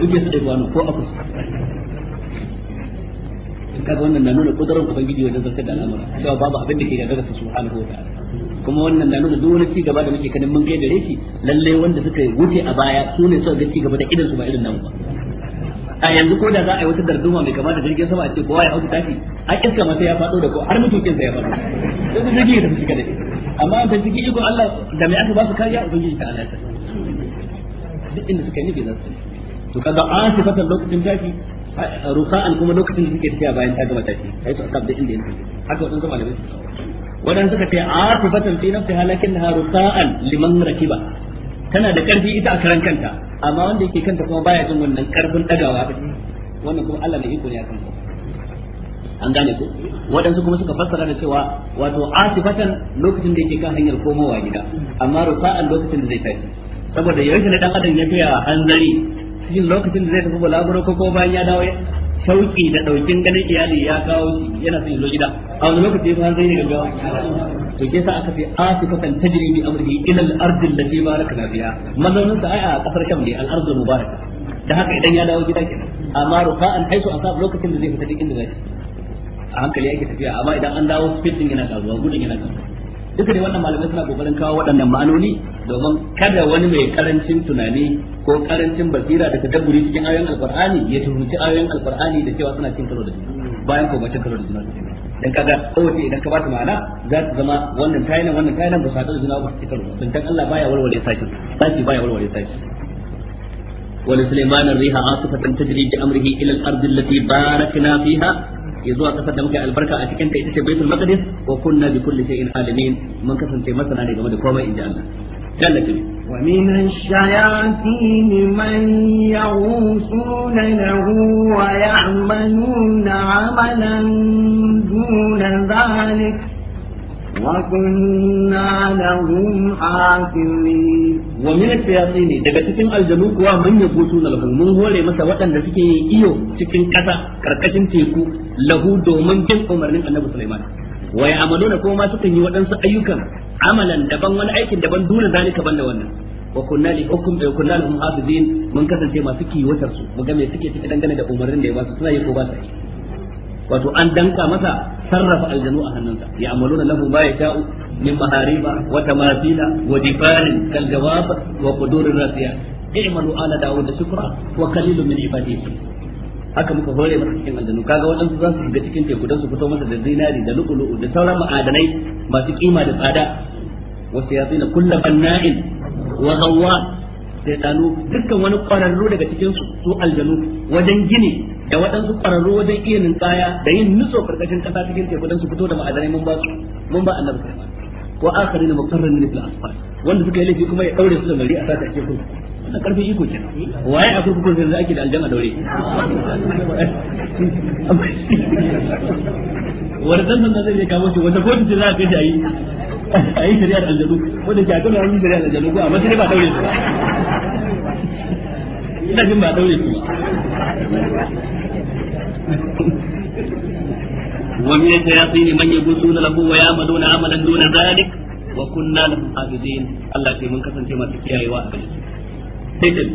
kuke su da ko kusa to kaga wannan na nuna kudurar ubangiji wajen zartar da al'amura cewa babu abin da ke gagara su subhanahu wa kuma wannan na nuna duk wani ci gaba da muke kanin mun kai gare shi lalle wanda suka wuce a baya su ne suka ga ci gaba da idan su ba irin nan ba a yanzu ko da za a yi wata darduma mai kama da jirgin sama a ce kowa ya hausa tafi a iska masa ya faɗo. da ko har mutukin sa ya faɗo sai su jirgin ya tafi kada amma da jirgin ikon Allah da mai aka ba su kariya ubangiji ta Allah duk inda suka yi nufi za su to kaga an fatan lokacin tafi ruka'an kuma lokacin da suke tafiya bayan ta gama tafi yi su akab da inda yake haka wadansu zama su wadansu suka ce atifatan fi nafsiha lakinnaha ruka'an liman rakiba tana da karfi ita a karan kanta amma wanda yake kanta kuma baya jin wannan karfin dagawa wannan kuma Allah ne iko ne akan ku an gane ko. waɗansu kuma suka fassara da cewa wato asifatan lokacin da yake kan hanyar komowa gida amma rufa'an lokacin da zai tashi saboda yayin da dan adam ya a hanzari cikin lokacin da zai tafi balaguro ko ko bayan ya dawo shauki da daukin ganin iyali ya kawo shi yana son ya zo gida a wani lokaci ba zai ne gawa to ke sa aka ce asifatan tajri bi amrihi ila al-ard allati barakna fiha mazaunin sa ai a kasar kam ne al-ard mubarak da haka idan ya dawo gida kenan amma rufa'an haisu asab lokacin da zai fita cikin gida a hankali yake tafiya amma idan an dawo speed din yana karuwa gudun yana karuwa duka dai wannan malamai suna kokarin kawo waɗannan ma'anoni domin kada wani mai karancin tunani ko karancin basira da tadabburi cikin ayoyin alqur'ani ya tuhumci ayoyin alqur'ani da cewa suna cin karo da juna bayan ko bacin karo da juna su dan kaga kawai idan ka bata ma'ana za ta zama wannan tayi nan wannan tayi nan ba sa da juna ba cikin karo dan dan Allah baya walwale sashi sashi baya walwale sashi ولسليمان tajri bi amrihi ila al الأرض allati barakna fiha ya zuwa kasar da muka albarka a cikin ta ita ce baitul maqdis wa kunna bi kulli shay'in alimin mun kasance masana ne game da komai inji Allah jannatin wa min ash-shayatin man ya'usuna lahu wa ya'maluna 'amalan duna dhalika وكنا لهم حافظين ومن الشياطين daga cikin aljanu kuwa man yabutu lahu mun hore masa waɗanda suke iyo cikin ƙasa ƙarƙashin teku lahu domin bin umarnin Annabi Sulaiman wa ya'maluna kuma ma sukan yi waɗansu ayyukan amalan daban wani aikin daban dole zalika banda wannan wa kunna li hukum da kunna lahum hafizin mun kasance masu kiwatar su mu ga me suke cike dangane da umarnin da ya ba su suna yi ko ba su wato an danka masa sarrafa aljanu a hannunsa ya amaluna lahu ma yasha'u min mahariba wa tamathila wa difarin kal jawab wa qudurir rasiya i'malu ala wa haka muka hore masa cikin aljanu kaga waɗansu za su shiga cikin teku don su fito masa da zinari da lu'ulu'u da sauran ma'adanai masu kima da tsada wa siyatina kullu banna'in wa ghawwa sai dukkan wani kwararru daga cikin su su aljanu wajen gini da waɗansu ƙwararru wajen iya ninkaya da yin nutso ƙarƙashin ƙasa cikin teku don su fito da ma'adanai mun ba su mun ba annabi sulaiman wa akharina ne fil asfar wanda suka yi laifi kuma ya daure su da gari a sata ake kuma wannan ƙarfin iko ke waye a akwai kurkun da ake da aljanna daure wani dan nan zai kawo shi wanda kotu ce za a kai shi a yi a yi shari'ar aljanu wanda ke a kan yi shari'ar aljanu ko amma sai ba daure su ina jin ba daure su ba ومن الشياطين من يبوسون له ويعملون عملا دون ذلك وكنا لهم عابدين الله في من كسن كما تكيا يواقع سجن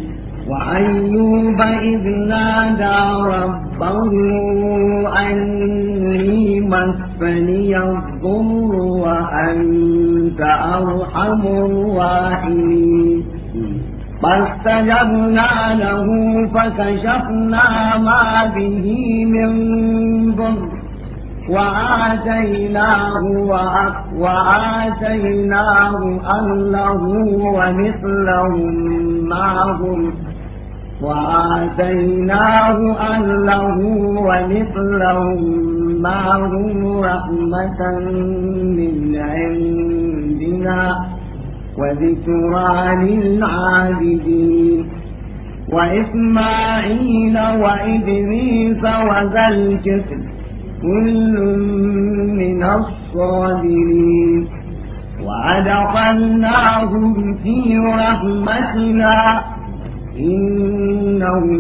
وأيوب إذ نادى ربه أني مسني الضر وأنت أرحم الراحمين فاستجبنا له فكشفنا ما به من ضر وآتيناه وآتيناه أهله ومثلهم معهم وآتيناه أهله ومثلهم معهم رحمة من عندنا وذكرى للعابدين وإسماعيل وإدريس وذا الكفر كل من الصابرين وأدخلناهم في رحمتنا إنهم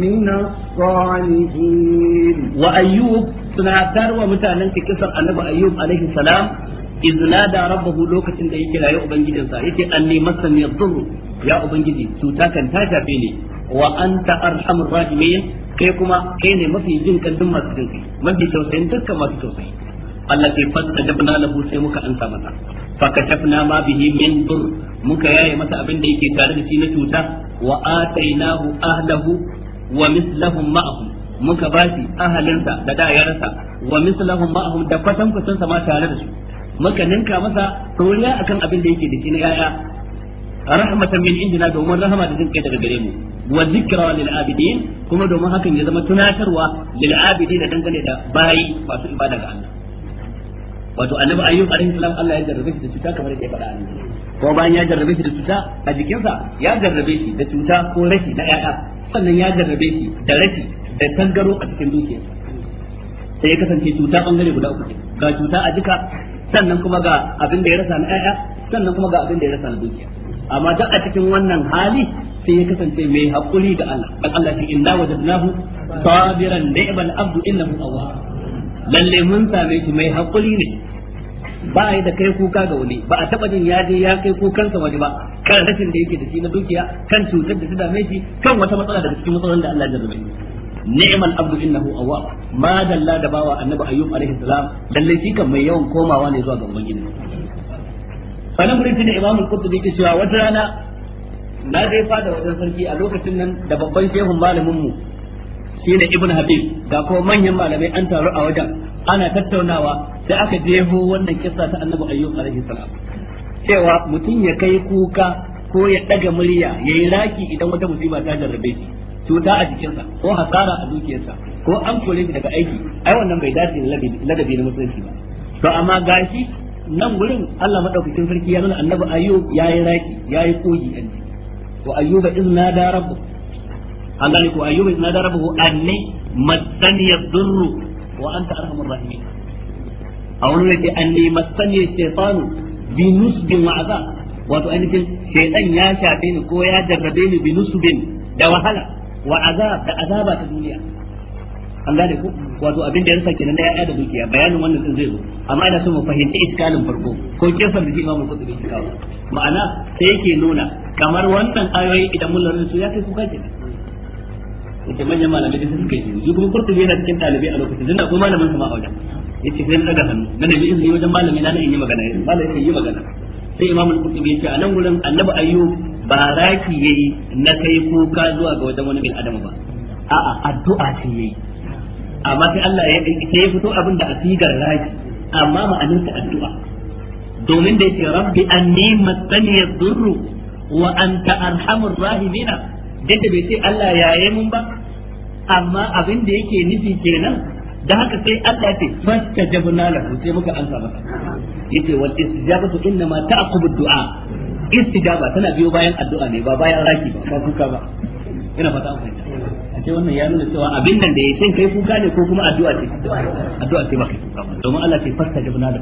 من الصالحين وأيوب suna tarwa mutanen kisan annabi ayyub alaihi salam izna da rabbahu lokacin da yake rayu ubangijinsa yace anni masani yadurru ya ubangiji cuta kan ta shafe ni wa anta arhamur rahimin kai kuma kai ne mafi jin kandun masu jin kai mafi tausayin dukkan masu tausayi Allah ke fastajabna lahu sai muka ansa masa fakashafna ma bihi min dur muka yaye masa abin da yake tare da shi na cuta wa atainahu ahlahu wa mislahum ma'ahum muka bashi ahalinsa da da yarsa wa mislahum ma'ahum da kwatan kwatan sa ma tare da su maka ninka masa ɗoriya akan abin da yake da shi na yaya rahmatan min indina umar rahama da zin kai daga gare mu wa zikra lil abidin kuma domin hakan ya zama tunatarwa lil abidin da dangane da bayi masu ibada ga Allah wato annabi ayyub alaihi salam Allah ya jarrabe shi da cuta kamar da ya faɗa annabi ko bayan ya jarrabe shi da cuta a jikinsa ya jarrabe shi da cuta ko rashi na yaya, sannan ya jarrabe shi da rashi da tangaro a cikin dukiyarsa sai ya kasance cuta bangare guda uku ga cuta a jika sannan kuma ga abin da ya rasa na ƴaƴa sannan kuma ga abin da ya rasa na dukiya amma duk a cikin wannan hali sai ya kasance mai hakuri da Allah dan Allah ce inna wajadnahu sabiran ni'mal abdu innahu awwab lalle mun same shi mai hakuri ne ba yi da kai kuka ga wani ba a taba jin ya je ya kai kukansa wani ba kan rashin da yake da shi na dukiya kan cutar da ta dame shi kan wata matsala daga cikin matsalolin da Allah ya zama ni'mal abdu innahu awwab ma dalla da bawa annabi ayyub alaihi salam lalle shi kan mai yawan komawa ne zuwa ga ubangiji sanan gurin tunda imam al cewa wata rana na dai fada wajen sarki a lokacin nan da babban shehun malamin mu shine ibnu ibn habib da ko manyan malamai an taru a wajen ana tattaunawa sai aka jeho wannan kissa ta annabi ayyub alaihi salam cewa mutum ya kai kuka ko ya daga murya yayi raki idan wata musiba ta jarrabe shi cuta a jikinsa ko hasara a dukiyarsa ko an kore shi daga aiki ai wannan bai dace da ladabi na musulunci ba to amma gashi nan gurin Allah madaukakin sarki ya nuna annabi ayyub yayi raki yayi koyi an to ayyuba izna da rabbu Allah ko ayyuba izna da rabbu anni massani yadurru wa anta arhamur rahimin a wani yake anni massani shaytanu bi nusbin wa azab wato ainihin shaytan ya shafe ni ko ya jarrabe ni bi nusbin da wahala wa azab da azaba ta duniya an gane ku wato abin da ya kenan da ya da dukiya bayanin wannan din zai zo amma ina so mu fahimci iskalin farko ko kefar da imamu Qutbi ya kawo ma'ana sai yake nuna kamar wannan ayoyi idan mun lura su ya kai kuka kenan yace manyan malamai da suke yi duk kuma Qurtubi yana cikin talibai a lokacin dinda ko malamin sa ma a wajen yace sai daga hannu nan ne izini wajen malami na ne yi magana yace malami sai magana sai imamu Qurtubi yace a nan gurin Annabi Ayyub ba raki yayi na kai kuka zuwa ga wajen wani bil Adamu ba a'a addu'a ce yayi amma sai Allah ya sai ya fito abin da asigar raki amma ma'anin ta addu'a domin da yake rabbi anni masani yadurru wa anta arhamur rahimina da bai sai Allah yaye mun ba amma abin da yake nufi kenan da haka sai Allah ce fastajabna lahu sai muka ansa masa yace wal istijabatu inma ta'qubu du'a istijaba tana biyo bayan addu'a ne ba bayan raki ba ba kuka ba ina fata an fahimta a ce wannan ya nuna cewa abin da ya shin kai kuka ne ko kuma addu'a ce addu'a ce ba kuka ba domin Allah ce fasta da da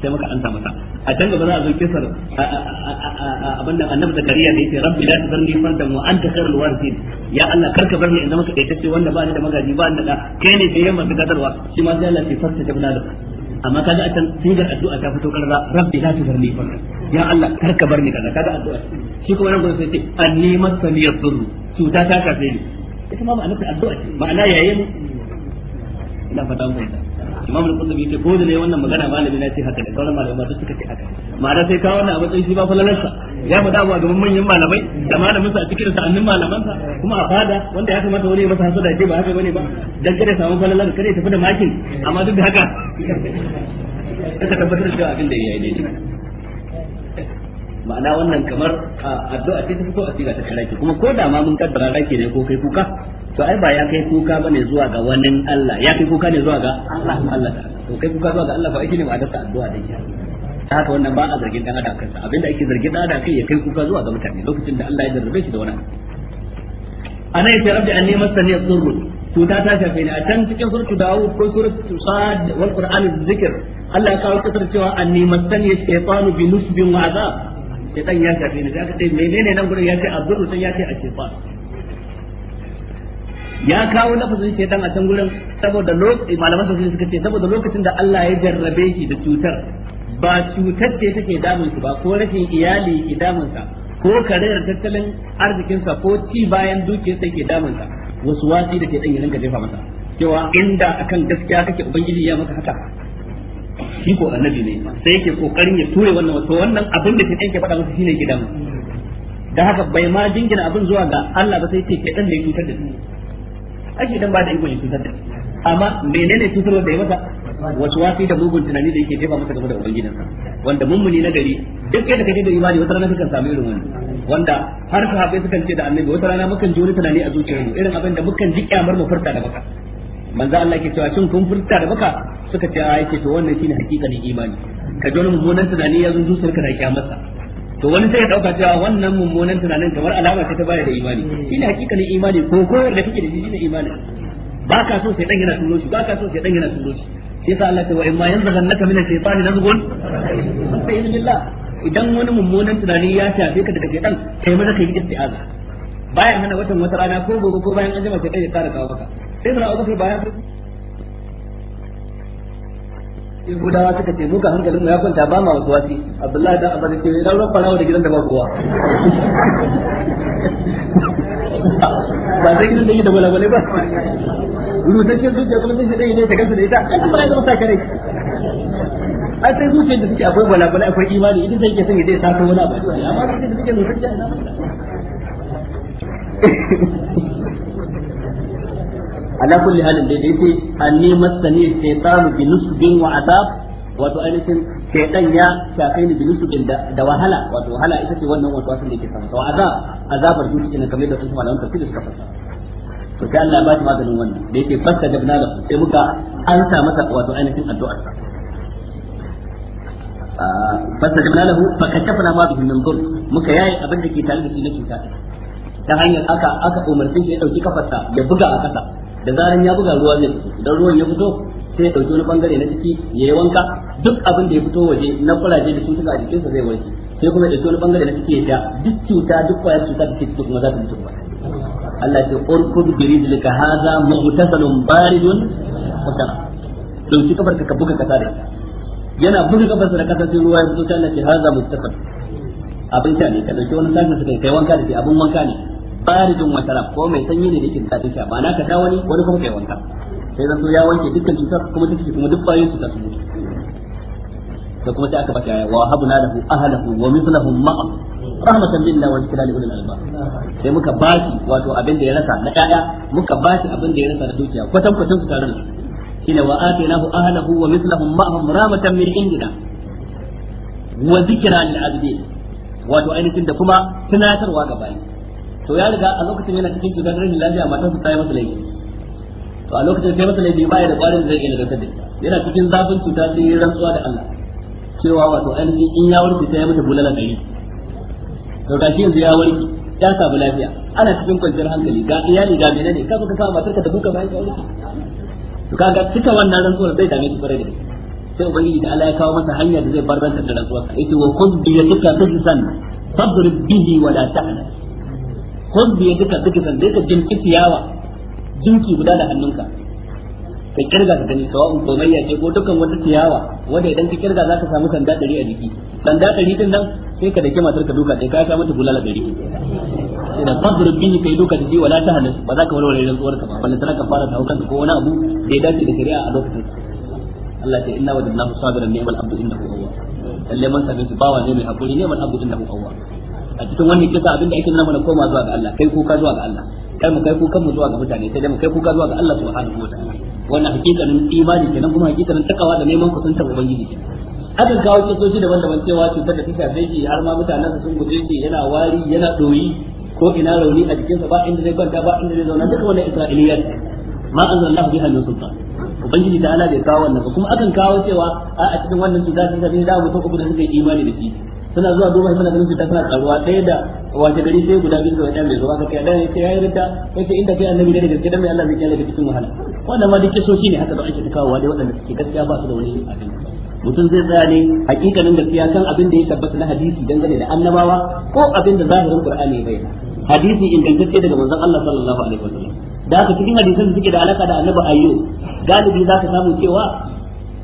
sai maka anta masa a can gaba za a zo kisar abin da annabi da zakariya da yake rabbi la tazarni fardan wa anta khairul warithin ya Allah karka bar ni in zama kaitacce wanda ba ni da magaji ba ni da kai ne da yamma da gadarwa shi ma sai Allah ce fasta da da amma kaga a can ga addu'a ta fito karza rabbi la tuzarni fa ya Allah kar ka bar ni kaza kaga addu'a shi kuma nan gurin sai ce anni masani yadurru su ta ta kafe ni ita ma ma'anar addu'a ce ma'ana yayin ina fata mun da. imam al-qurtubi yace ko da ne wannan magana malami na ce haka da sauran malamai ma suka ce haka da sai ka wannan matsayin shi ba falalarsa ya mu abu a gaban manyan malamai da malamin sa a cikin sa annin malaman sa kuma a fada wanda ya kamata wani ya masa hasada ke ba haka bane ba dan kada samu falalar kada ya tafi da makin amma duk da haka ka tabbatar da abin da yayi daidai ma'ana wannan kamar addu'a ce ta fito a cikin ta karaki kuma ko da ma mun kaddara raki ne ko kai kuka to ai ba ya kai kuka bane zuwa ga wani Allah ya kai kuka ne zuwa ga Allah Allah to kai kuka zuwa ga Allah ba ne ba da addu'a da ke haka wannan ba a zargin dan adam kansa abinda ake zargin dan adam kai ya kai kuka zuwa ga mutane lokacin da Allah ya jarrabe shi da wani ana yace rabbi anni masani yadur to ta shafe ni a can cikin surtu dawud ko surtu sad wal qur'an zikr Allah ya kawo kasar cewa anni masani shaytanu bi nusbin wa azab shaytan ya shafe ni ka ce menene nan gurin ya ce abdur sai ya ce a shaytan ya kawo lafazin shaitan a can gurin saboda lokaci malaman tafsiri suka ce saboda lokacin da Allah ya jarrabe shi da cutar ba cutar ce take damun shi ba ko rashin iyali ke damun sa ko karayar tattalin arzikin sa ko ci bayan dukiyar sa ke damun sa wasu wasi da ke dan yin ka jefa masa cewa inda akan gaskiya kake ubangiji ya maka haka shi ko annabi ne sai yake kokarin ya ture wannan wato wannan abin da shaitan ke faɗa masa shine ke damun da haka bai ma jingina abin zuwa ga Allah ba sai ce ke dan ne cutar da shi ake dan ba da iko ya cutar da amma menene cutarwa da ya masa wasu wafi da mugun tunani da yake jefa masa game da ubangidansa wanda mummuni na gari duk da kake da imani wata rana kakan samu irin wani wanda har ka haɓe sukan ce da annabi wata rana mukan ji wani tunani a mu irin abin da mukan ji kyamar mu furta da baka manzo Allah ke cewa shin kun furta da baka suka ce a yake to wannan shine hakikanin imani ka ji wani mummunan tunani ya zo zuciyarka da kyamarsa to wani sai ya dauka cewa wannan mummunan tunanin kamar alama ce ta baya da imani shine hakikanin imani ko koyar da kike da shi shine imani ba ka so sai dan yana turo shi ba ka so sai dan yana turo shi sai sa Allah ta wa imma yanzaghannaka min ash-shaytani nazghun fa in billah idan wani mummunan tunani ya shafe ka daga shedan kai maza kai istiaza bayan hana watan wata rana ko gobe ko bayan an jima sai kai ya fara kawo maka sai da Abu Bakar bayan yahudawa suka ce muka hankalin mu ya kwanta ba ma wasu wasi abdullahi dan abbas ce ran da gidan da ba kowa ba sai gidan da ba zuciya kuma dai ne ta kansa da ita ya zama ai sai zuciyar da suke akwai akwai imani idan sai amma sai da suke rutacciya ala kulli halin dai da yace anni masani shaytanu bi nusbin wa adab wato ainihin shaytan ya shafe ni bi nusbin da wahala wato wahala ita ce wannan wato wasan da yake samu azab azabar zuci kenan kamar da wasu malaman tafsir suka fassara to sai Allah ba shi maganin wannan da yake fasta da bana sai muka an sa masa wato ainihin addu'ar sa ah, fasta da lahu fa kashafna ma bihi min dhurr muka yayi abin da ke tare da shi na cuta ta hanyar aka aka umarce shi ya dauki kafarsa ya buga a kasa da zaran ya buga ruwa zai fito idan ruwan ya fito sai ya dauki wani bangare na ciki ya yi wanka duk abin da ya fito waje na kuraje da cutuka a jikinsa zai warke sai kuma ya dauki wani bangare na ciki ya sha duk cuta duk kwayar cuta da fito kuma za ta mutu ba Allah ce urkud birijlika hadha mughtasalun baridun wa don shi kafar ka buga kasa da ita yana buga kafarsa da kasa sai ruwa ya fito sai Allah ce hadha mughtasal abin sha ne ka dauki wani sashi suka kai wanka da shi abin wanka ne baridun wa sharab ko mai sanyi ne da yake da sha ba na ka sha wani wani kuma kai wanka sai zan ya wanke dukkan cutar kuma take kuma duk bayan ta su mutu da kuma sai aka baka wa habna lahu ahlahu wa mithluhum ma'a rahmatan minna wa zikra li ulil albab sai muka bashi wato abin da ya rasa na kaya muka bashi abin da ya rasa da dukiya kwatan kwatan su tare da shi shine wa atainahu ahlahu wa mithluhum ma'a rahmatan min indina wa zikra lil abidin wato ainihin da kuma tunatarwa ga bayi to ya riga a lokacin yana cikin cutar rashin lafiya matar su ta yi masa laifi to a lokacin sai masa laifi baya da kwarin zai iya lantar da ita yana cikin zafin cuta sai ya rantsuwa da Allah cewa wato ainihin in ya warke sai ya mata bulala ɗari to ga shi yanzu ya warke ya samu lafiya ana cikin kwanciyar hankali ga iyali ga menene ka ka sa matarka da buka bayan ka warke to kaga cika wannan rantsuwar zai dame shi kwarai da gaske sai ubangiji da Allah ya kawo masa hanya da zai bar rantar da rantsuwar sa yace wa khudh bi yadika tajsan fadrib bihi wa ta'lam kun biye duka duka san dai ka jinki ciyawa jinki guda da hannunka ka kirga ka gani komai ya ce ko dukkan wata ciyawa wanda idan ka kirga za ka samu sanda dari a jiki sanda dari din nan sai ka dake matar ka duka sai ka sha mata bulala sai da fadrub bin kai duka ji wala ta hannu ba za ka warware rantsuwar ka ba balle tana ka fara ta kanka ko wani abu da ya dace da shari'a a lokacin Allah ta inna dallahu sabiran ni'mal abdu innahu awwab lalle man su bawa ne mai hakuri ni'mal abdu innahu awwab a cikin wannan kisa abinda ake nuna mana koma zuwa ga Allah kai kuka zuwa ga Allah kai mu kai kukan mu zuwa ga mutane sai dai mu kai kuka zuwa ga Allah subhanahu wataala wannan hakikanin imani kenan kuma hakikanin takawa da neman kusantar ubangiji akan kawo kisoshi daban-daban cewa cutar da ta shafe shi har ma mutanen sun guje shi yana wari yana doyi ko ina rauni a jikinsa ba inda zai kwanta ba inda zai zauna duka wannan isra'iliyat ma anzalallahu biha min sultan ubangiji ta ala bai kawo wannan ba kuma akan kawo cewa a cikin wannan cuta ta shafe da mutum uku da suka yi imani da shi suna zuwa duba suna ganin cuta tana karuwa ɗaya da wace gari sai guda biyu da mai zuwa ka kai Ɗaya yace yayi rinta yace inda kai annabi da gaske dan mai Allah zai kiyaye daga cikin wahala wannan ma duk kisoshi ne haka da ake kawo dai waɗanda suke gaskiya ba su da wani abin mutum zai tsaya ne hakikanin gaskiya kan abin da ya tabbata na hadisi dangane da annabawa ko abin da zahirin qur'ani ya bai hadisi ingantacce daga manzon Allah sallallahu alaihi wasallam da haka cikin hadisan da suke da alaka da annabi ayyo galibi zaka samu cewa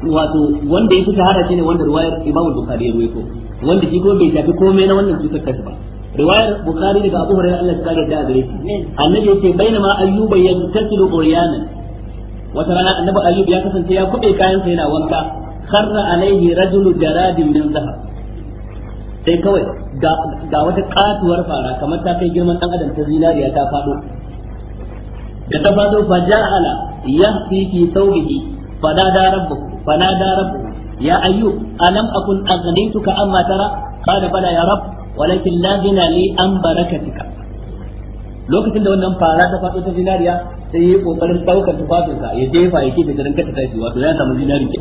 wato wanda ya fi shahara shine wanda ruwayar imamu Bukhari ya ruwaito wanda shi kuma bai shafi komai na wannan cutar kashi ba riwayar bukhari daga abu hurairah Allah ta yarda a gare shi annabi yace bainama ayyuba yantasilu uryanan wata rana annabi ayyub ya kasance ya kube kayan sa yana wanka kharra alaihi rajulu jaradin min zahab sai kawai ga wata katuwar fara kamar ta kai girman dan adam ta zinariya ta fado da ta fado faja'ala yahti fi thawbihi fanada rabbuhu fanada rabbuhu ya ayyub alam akun aghnaytuka amma tara qala bala ya rab walakin la ghina li an barakatika lokacin da wannan fara ta fado ta zinariya sai yayi kokarin daukar tufafinsa ya jefa ya kife garin kata tashi wato ya samu zinari ke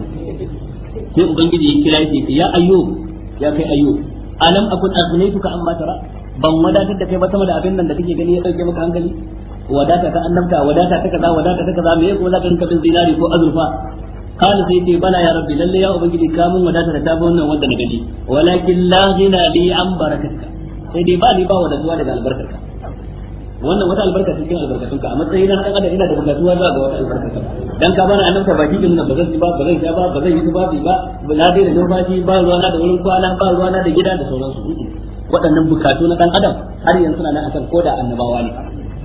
sai ubangiji ya kira shi ya ayyo ya kai ayyo alam akun ka amma tara ban wadatar da kai ba sama da abin nan da kake gani ya dauke maka hankali wadata ta annabta wadata ta kaza wadata ta kaza me kuma zaka rinka bin zinari ko azurfa قال سيدي بلا يا ربي لله يا أبنجي كامل وداتا تابونا وانت نجدي ولكن لا غنى لي عن بركتك سيدي بالي باو دزوا لك البركتك wannan wata albarka ce cikin albarkatun ka a matsayin na dan adam ina da bukatuwa zuwa ga wata albarka dan ka bana annabta baki kin nan bazan ci ba bazan sha ba bazan yi ba ba na dai da numfashi ba ruwa na da wurin kwana ba ruwa na da gida da sauransu waɗannan bukatu na dan adam har yanzu na nan akan koda annabawa ne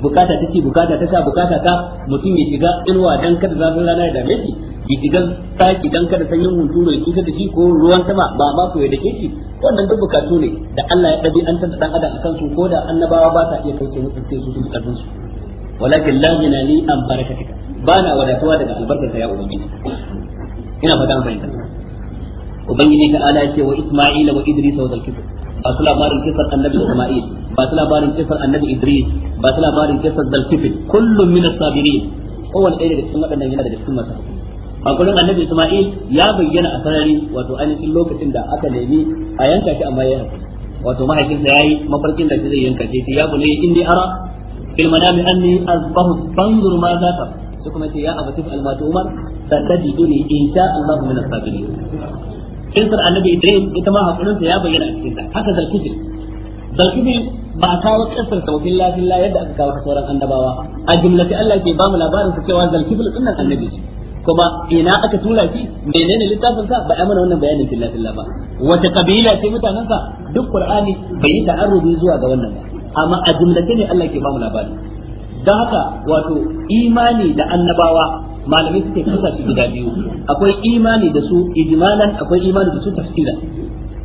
bukata ta ci bukata ta sha bukata ta mutum ya shiga inuwa dan kada zafin rana ya dame gidigan taki dan kada sanyin hunturu ya cutar da shi ko ruwan sama ba ma ko da dake shi wannan duk bukatu ne da Allah ya dabi an tanta dan adam akan su ko da annabawa ba ta iya kauce musu sai su bukatun su walakin la jinani an barakatika ba na wadatuwa daga ta ya ubangiji ina fata an fahimta ubangiji ta ala ce wa isma'ila wa idris wa zalkifl ba su labarin kisar annabi isma'il ba su labarin kisar annabi idris ba su labarin kisar zalkifl kullum min as-sabirin kowanne ɗaya daga cikin waɗannan yana daga cikin masu hakuri a gurin annabi Isma'il ya bayyana a sarari wato ainihin lokacin da aka nemi a yanka shi amma ya wato ya yayi mafarkin da zai yanka shi ya bune inni ara fil manami anni azbahu ban ma za ta su kuma ce ya abatif almatu umar satajiduni insha Allah min as in kinsar annabi Idris ita ma hakurin sa ya bayyana a cikin ta haka zalkibi zalkibi ba wa kasar sa wajen lafiya yadda aka kawo sauran annabawa a jumlati Allah ke ba mu labarin su cewa zalkibi dinnan annabi kuma ina aka tura shi menene littafin sa ba a mana wannan bayanin filla filla ba wata kabila ce mutanen sa duk qur'ani bai yi ta'arrubi zuwa ga wannan ba amma a jumlace ne Allah ke ba mu labari Dan haka wato imani da annabawa malamai suke kasa su gida biyu akwai imani da su ijmalan akwai imani da su tafsira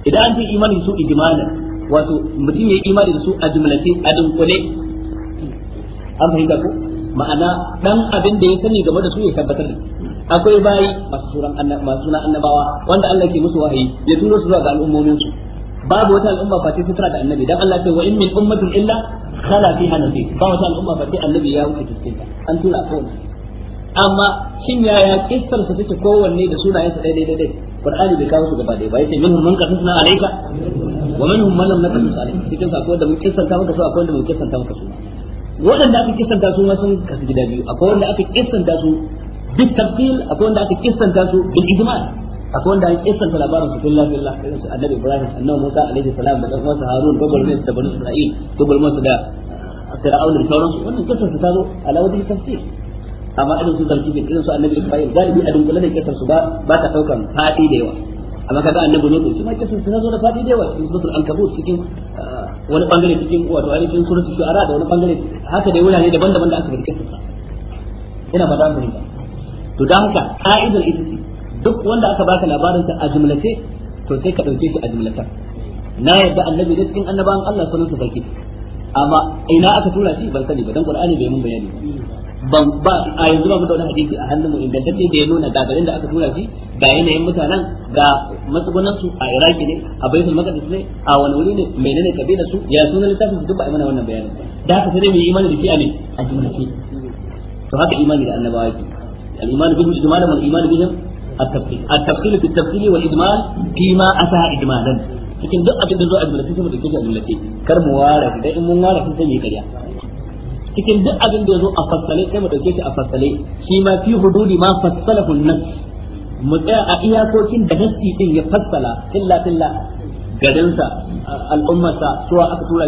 idan an ce imani da su ijmalan wato mutum ya imani da su a jumlace a dunkule an fahimta ko ma'ana dan abin da ya sani game da su ya tabbatar da akwai bayi masu sunan masu sunan annabawa wanda Allah ke musu wahayi ya turo su zuwa ga al'ummomin su babu wata al'umma face su tara da annabi dan Allah ce wa in min ummatin illa khala fiha nabi ba wata al'umma face annabi ya wuce cikin an tura ko amma shin yaya kissar su take kowanne da sunayen su daidai daidai qur'ani bai kawo su gaba ɗaya ba yace minhum man qasasna alayka wa minhum man lam naqsus alayka cikin sa akwai da mun ta maka su akwai wanda mun ta maka su waɗanda aka kissanta su ma sun kasu gida biyu akwai wanda aka kissanta su duk tafsil akwai wanda aka kissanta su bil ijma akwai wanda aka kissanta labarin su billah billah irin su annabi ibrahim annabi musa alaihi salam da kuma harun gogol da bani isra'il gogol musu da da sauransu wannan kissar ta zo ala wajhi tafsil amma irin su zalki irin su annabi ibrahim galibi a dunkule da kissar su ba ba ta daukan fadi da yawa amma kaga annabi ne shi ma su zo da fadi da yawa cikin cikin ah, wani bangare cikin ainihin suratul shu'ara da wani bangare haka dai wurare daban-daban da aka bi kissar ina ba za mu to dan haka ka'idar ita ce duk wanda aka baka labarin ta a jumlace to sai ka dauke shi a jumlatar na yadda annabi da cikin annabawan Allah sunan su sarki amma ina aka tura shi ban sani ba dan qur'ani bai mun bayani ban ba a yanzu ba mu da wani hadisi a hannun mu ingantacce da ya nuna ga garin da aka tura shi ga yanayin mutanen ga matsugunan su a iraki ne a baitul maqdis ne a wani wuri ne menene kabilar su ya sunan littafin su duk ba a mana wannan bayanin da haka sai mu yi imani da shi a ne a jumlace to haka imani da annabawa yake الإيمان بهم إجمالا والإيمان بهم التفصيل التفصيل في التفصيل والإجمال فيما أتى إجمالا a jumlace sai ma fi mu tsaya a iyakokin da ya fassala al'ummarsa aka tura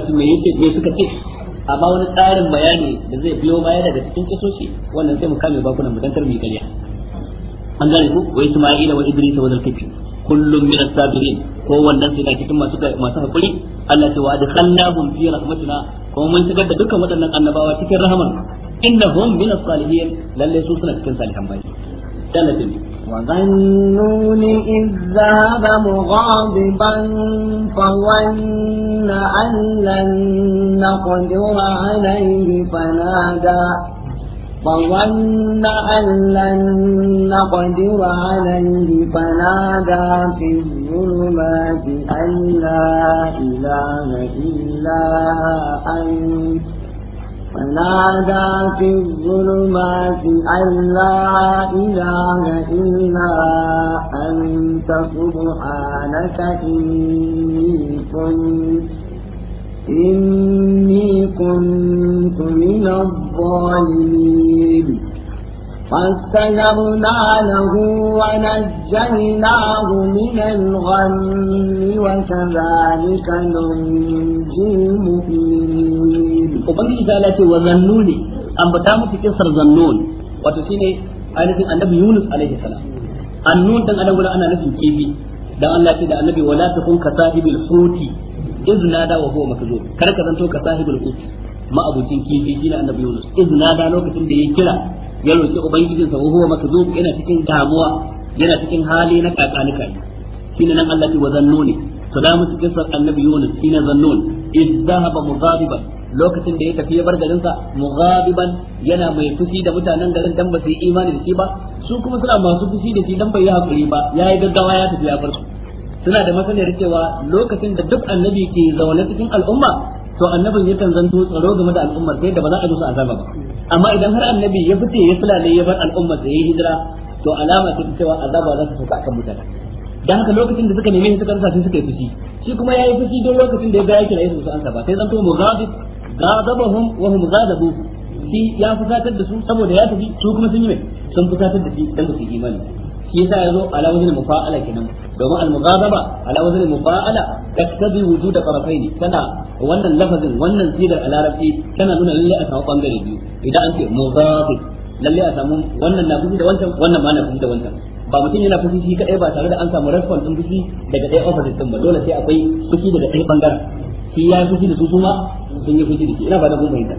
amma wani tsarin bayani da zai biyo baya daga cikin kisoci wannan sai mu kame bakunan mu dantar mu kariya an gane ku wa isma'ila wa idris wa zulkifli kullum min as-sabirin ko wannan sai da cikin masu masu hakuri Allah ta wa'ada adkhalnahum fi rahmatina ko mun shigar da dukkan waɗannan annabawa cikin rahman innahum min as-salihin lalle su suna cikin salihan bayi وظنون إذ ذهب مغاضبا فظن أن لن نقدر عليه فنادى فظن أن لن نقدر عليه فنادى في الظلمات أن لا إله إلا أنت فنادى في الظلمات أن لا إله إلا أنت سبحانك إني كنت إني كنت من الظالمين فاستجبنا له ونجيناه من الغم وكذلك ننجي المؤمنين ubangiji ta ce wa zannu zannuni ambata muku kisar zannun wato shine ainihin annabi Yunus alaihi salam annun dan anan gurin ana nufin kifi dan Allah ce da annabi wala takun ka sahibul huti izna da wa huwa makzub kar ka zanto ka sahibul huti ma abucin kifi shine annabi Yunus izna da lokacin da ya kira ya roki ubangijin sa wa huwa makzub yana cikin damuwa yana cikin hali na kakanika shine nan Allah ce wa zannuni to da musu kisar annabi Yunus shine zannun iz dhahaba mudhabiban lokacin da ya tafi ya bar garinsa mughabiban yana mai fushi da mutanen garin dan ba su yi imani da shi ba su kuma suna masu fushi da shi dan bai yi hakuri ba yayi gaggawa ya tafi ya bar su suna da masaniyar cewa lokacin da duk annabi ke zaune cikin al'umma to annabin yakan zanto tsaro game da al'ummar sai da ba za a su azaba ba amma idan har annabi ya fice ya sulale ya bar al'ummar sai ya hijira to alama ce cewa azaba za ta sauka akan mutane dan haka lokacin da suka neme shi suka rasa sai suka yi fushi shi kuma yayi fushi don lokacin da ya ga yake rayuwar su an ba sai zanto mughabit ghadabahum wa hum ghadabu shi ya fusatar da su saboda ya tafi su kuma sun yi mai sun fusatar da shi dan su yi imani shi yasa yazo ala wajhi mufa'ala kenan domin al-mughadaba ala wajhi mufa'ala taktabi wujuda tarafain tana wannan lafazin wannan sigar a larabci tana nuna lalle a samu bangare biyu idan an ce mughadib lalle a samu wannan na fushi da wancan wannan ma na fushi da wancan ba mutum yana fushi shi kadai ba tare da an samu response din fushi daga ɗaya opposite din ba dole sai akwai fushi daga ɗaya bangaren shi ya fushi da su kuma sun yi fushi da shi ina ba da kun fahimta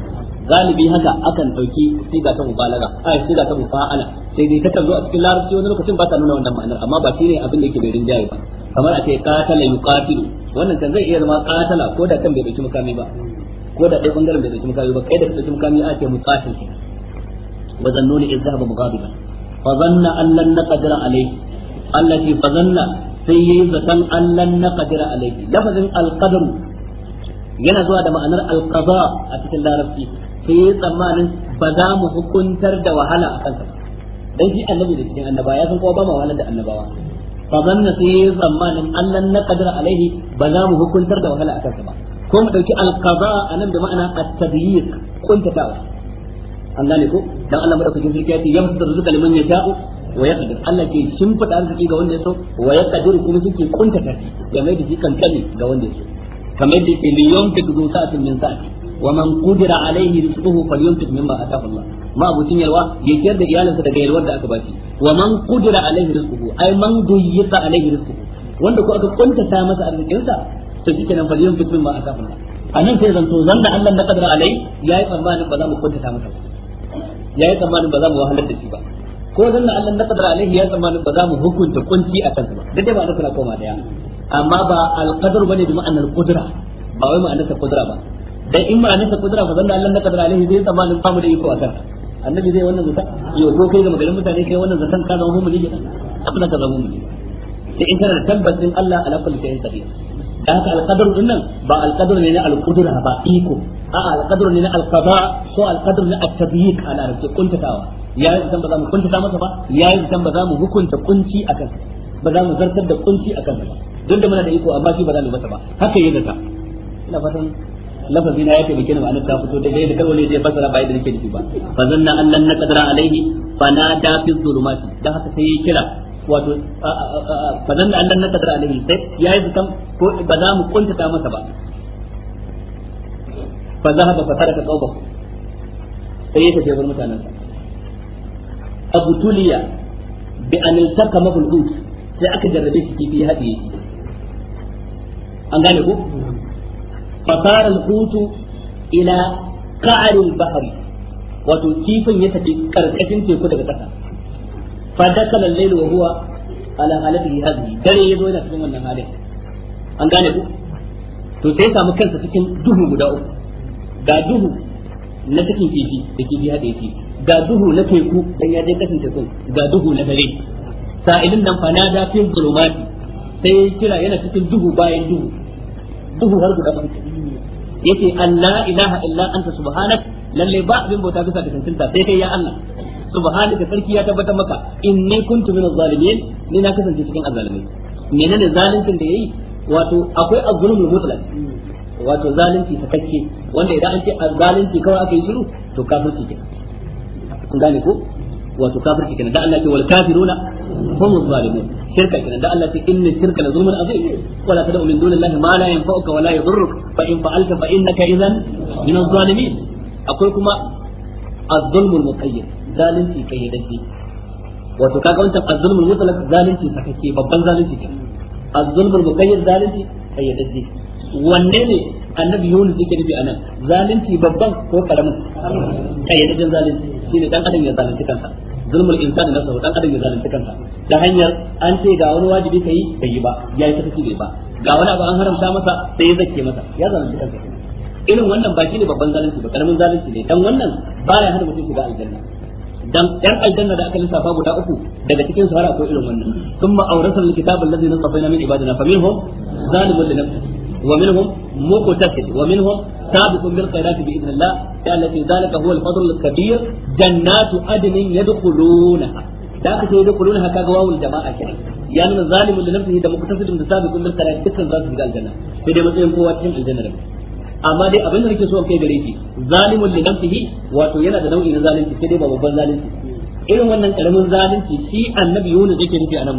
galibi haka akan dauki siga ta mubalaga ai siga ta mufa'ala sai dai takan zo a cikin larabci wani lokacin ba ta nuna wannan ma'anar amma ba shi ne abin da yake bai rinjaye ba kamar a ce qatala yuqatilu wannan kan zai iya zama qatala ko da kan bai dauki mukami ba ko da dai bangaren bai dauki mukami ba kai da dauki mukami a ce muqatil wa zannuni idh dhahaba mughadiban fa zanna an lan naqdir alayhi allati fa zanna sai yayi zatan an lan naqdir alayhi lafazin al yana zuwa da ma'anar alqada a cikin larabci sai ya tsammanin ba za mu hukuntar da wahala a kansa dan shi annabi da cikin annaba ya san kowa ba ma wahalar da annabawa fa zanna sai yi tsammanin Allah na qadara alaihi ba za mu hukuntar da wahala a kansa ba ko mu dauki alqada anan da ma'ana at-tadyiq kuntatawa an gane ko dan Allah madaukakin sarki ya ce yamsu rizqa liman yasha'u wa yaqdir Allah ke shimfida arziki ga wanda ya so wa yaqdir kuma shi ke kuntata shi ya mai da shi kankani ga wanda ya so kamar da yake liyon fik zu sa'atin min sa'ati wa man qudira alaihi rizquhu falyunfiq mimma ataahu Allah ma abutin yalwa ya ciyar da iyalinsa daga yalwar da aka bashi wa man qudira alaihi rizquhu ai man duyyiqa alaihi rizquhu wanda ko aka kuntata masa arzikinsa to shi kenan falyunfiq mimma ataahu Allah anan sai zanto zanda Allah na kadara alai yayi tsammanin ba za mu kuntata masa ba yayi tsammanin ba za mu wahalar da shi ba ko zan Allah na kadara alaihi ya tsammanin ba za mu hukunta kunci a kansa ba duk da ba na koma daya amma ba alqadar bane bi ma'ana alqudra ba wai ma'anar qudra ba dan in ma'anar qudra fa zan Allah na qadara alaihi zai tsammanin samu da iko akan annabi zai wannan zata yo ko kai ga magarin mutane kai wannan zatan ka zama mu ne abin da ka zama mu ne sai in kana da tabbacin Allah ala kulli shay'in qadir da haka alqadar din nan ba alqadar ne na alqudra ba iko a alqadar ne na alqada ko alqadar ne a tabiq ala rake kuntatawa yayi zan ba za mu kuntata masa ba yayi zan ba za mu hukunta kunci akan ba za mu zartar da kunci akan ba duk da muna da iko amma shi ba za mu masa ba haka yayin da ina fatan lafazi na ya taimake ni ma'anar ta fito da yadda kawai zai fasara ba yadda nake nufi ba fa zanna allan na qadara alaihi fa na da fi zulumati dan haka sai ya kira wato fa zanna allan na qadara alaihi sai yayi zukan ko ba za mu kuntata masa ba fa zahaba fa taraka qawba sai ya tafi bar mutanen Abu-Tuliya bi an iltaka mabul sai aka jarrabe shi kifi hadiye an gane ku fasara al-hutu ila qa'rul bahri wato kifin ya tafi karkashin teku daga kasa fa dakala al-layl wa huwa ala halatihi hadhihi dare yazo yana cikin wannan halin an gane ku to sai samu kansa cikin duhu guda uku ga duhu na cikin kifi da kifi hada yake ga duhu na teku dan ya je kasance teku ga duhu na dare sa'ilin nan fa nada fi zulumati sai kira yana cikin duhu bayan duhu duhu har guda bakwai yace Allah ilaha illa anta subhanak lalle ba abin bauta bisa da tantanta sai kai ya Allah subhanaka sarki ya tabbatar maka inni kuntu minaz zalimin ni na kasance cikin azalimai menene zalincin da yayi wato akwai azlumul mutlaq wato zalunci sakakke wanda idan an ce zalunci kawai aka yi shiru to kafirci ke kun gane ko wato kafirci kenan da Allah ke ce wal kafiruna hum zalimun shirka kenan da Allah ya ce inna shirka la zulmun azim wala tad'u min dunillahi ma la yanfa'uka wa la yadhurruk fa in fa'alta fa innaka idhan min az-zalimin akwai kuma az-zulmul muqayyad zalunci kayyadaddi wato kaga wancan az-zulmul mutlaq zalunci sakake babban zalunci kenan az-zulmul muqayyad zalunci kayyadaddi wanne ne annabi Yunus yake nufi anan zalunci babban ko karamin kayyadadden zalunci shine dan adam ya zalunci kansa zulmul insani nafsuhu dan adam ya zalunci kansa da hanyar an ce ga wani wajibi kai bai yi ba yayi sakaci bai ba ga wani abu an haramta masa sai ya zake masa ya zalunci kansa irin wannan ba shine babban zalunci ba karamin zalunci ne dan wannan baya hada mutum shiga aljanna dan dan aljanna da aka lissafa guda uku daga cikin sahara ko irin wannan thumma awrasal kitaba allazi nasafaina min ibadina faminhum zalimun li nafsihi ومنهم مقتصد ومنهم سابق بالخيرات باذن الله التي ذلك هو الفضل الكبير جنات عدن يدخلونها da aka ce yadkhuluna haka ga wawul jama'a kenan ya nuna zalimin da nafsihi da muqtasidun da sabiqun bil khairat dukkan za su shiga aljanna matsayin amma dai abin da nake so kai gare shi zalimin da nafsihi wato yana da nau'i na zalunci sai dai babban zalunci irin wannan karamin zalunci shi annabi Yunus yake nufi a nan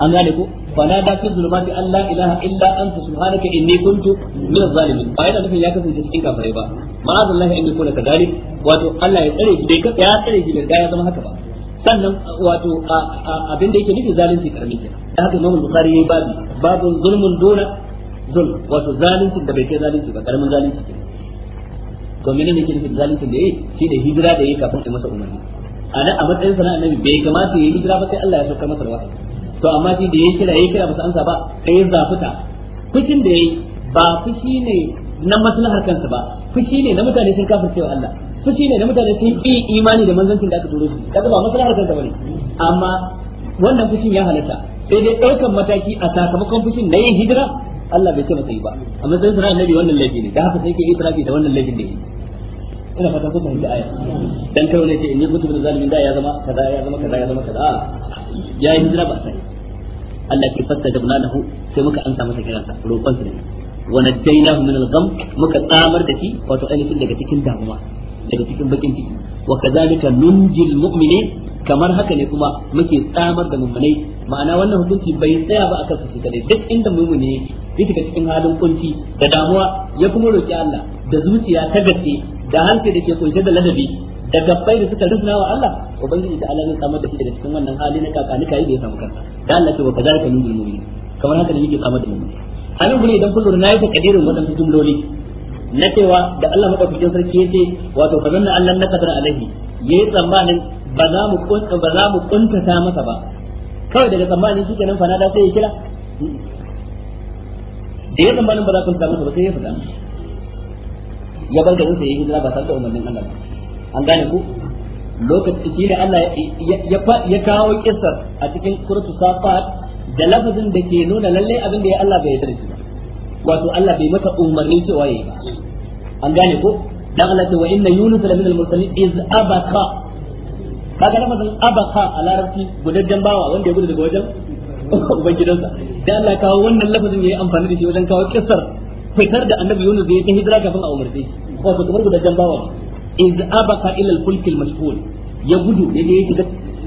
an gane ko fa fanada fi zulumati an Allah ilaha illa anta subhanaka inni kuntu min zalimin ba yana nufin ya kasance cikin kafare ba allah inni yakuna kadalik wato Allah ya tsare shi dai ka ya tsare shi da ya zama haka ba sannan wato abin da yake nufi zalunci karami kenan da haka imamu Bukhari yayi babu babu zulmun duna zul wato zalunci da bai kai zalunci ba karamin zalunci ne to menene yake nufin zalunci da yayi da hijira da yayi kafin a masa umarni a matsayin sana'a na bai kamata yayi hijira ba sai Allah ya saukar masa wahayi to amma shi da yayi kira yayi kira ba su amsa ba sai ya zafuta fushin da yayi ba fushi ne na maslahar kansa ba fushi ne na mutane sun cewa Allah fushi ne na mutane sun ki imani da manzancin da aka turo shi kaga ba maslahar kansa bane amma wannan fushin ya halatta sai dai ɗaukan mataki a sakamakon fushin na yin hijira Allah bai ce masa yi ba amma sai sunan annabi wannan laifi ne da haka sai ke itirafi da wannan laifin da yake ina fatan kun fahimci aya dan karo ne ce in yi kuntu da zalimin da ya zama kaza ya zama kaza ya zama kaza ya yi hijira ba sai Allah ke fastajabna lahu sai muka ansa masa kiransa roƙon sa wa najaynahu min al-gham muka tsamar da shi wato ainihin daga cikin damuwa daga cikin bakin ciki wa kadhalika nunjil mu'minin kamar haka ne kuma muke tsamar da mummunai ma'ana wannan hukunci bai tsaya ba akan su kadai duk inda mummune yake yake cikin halin kunci da damuwa ya kuma roki Allah da zuciya ta gaske da hanci da ke kunshe da ladabi da gabbai da suka rusna wa Allah ubangiji ta Allah zai samar da shi daga cikin wannan hali na kakani kai da ya samu kansa da Allah ce wa kadalika min mu'min kamar haka ne yake kama da mu'min anan gure idan kullu na yi ta kadirin wadansu jumloli na cewa da Allah madaukakin sarki yace wato fa zanna Allah na kadara alaihi yayi tsammanin ba za mu kunta ba za mu ta masa ba kawai daga tsammanin shi kenan fanada sai ya kira da ya tsammanin ba za ku kunta masa ba sai ya fada ya bar garin ya yayi hijira ba tare da umarnin Allah ba an gane ku lokaci Allah ya kawo kissar a cikin suratul safat da lafazin da ke nuna lalle abin da ya Allah bai yarda shi wato Allah bai mata umarni cewa yayi ba an gane ko Allah wa inna yunus la min al mursalin iz kaga lafazin a larabci gudaddan bawa wanda ya gudu daga wajen ubangidansa dan Allah kawo wannan lafazin yayi amfani da shi wajen kawo fitar da annabi yunus ya hijira kafin a umarce wato kamar gudaddan bawa iz abaka ila al-fulk al-mashhul ya gudu ya je shiga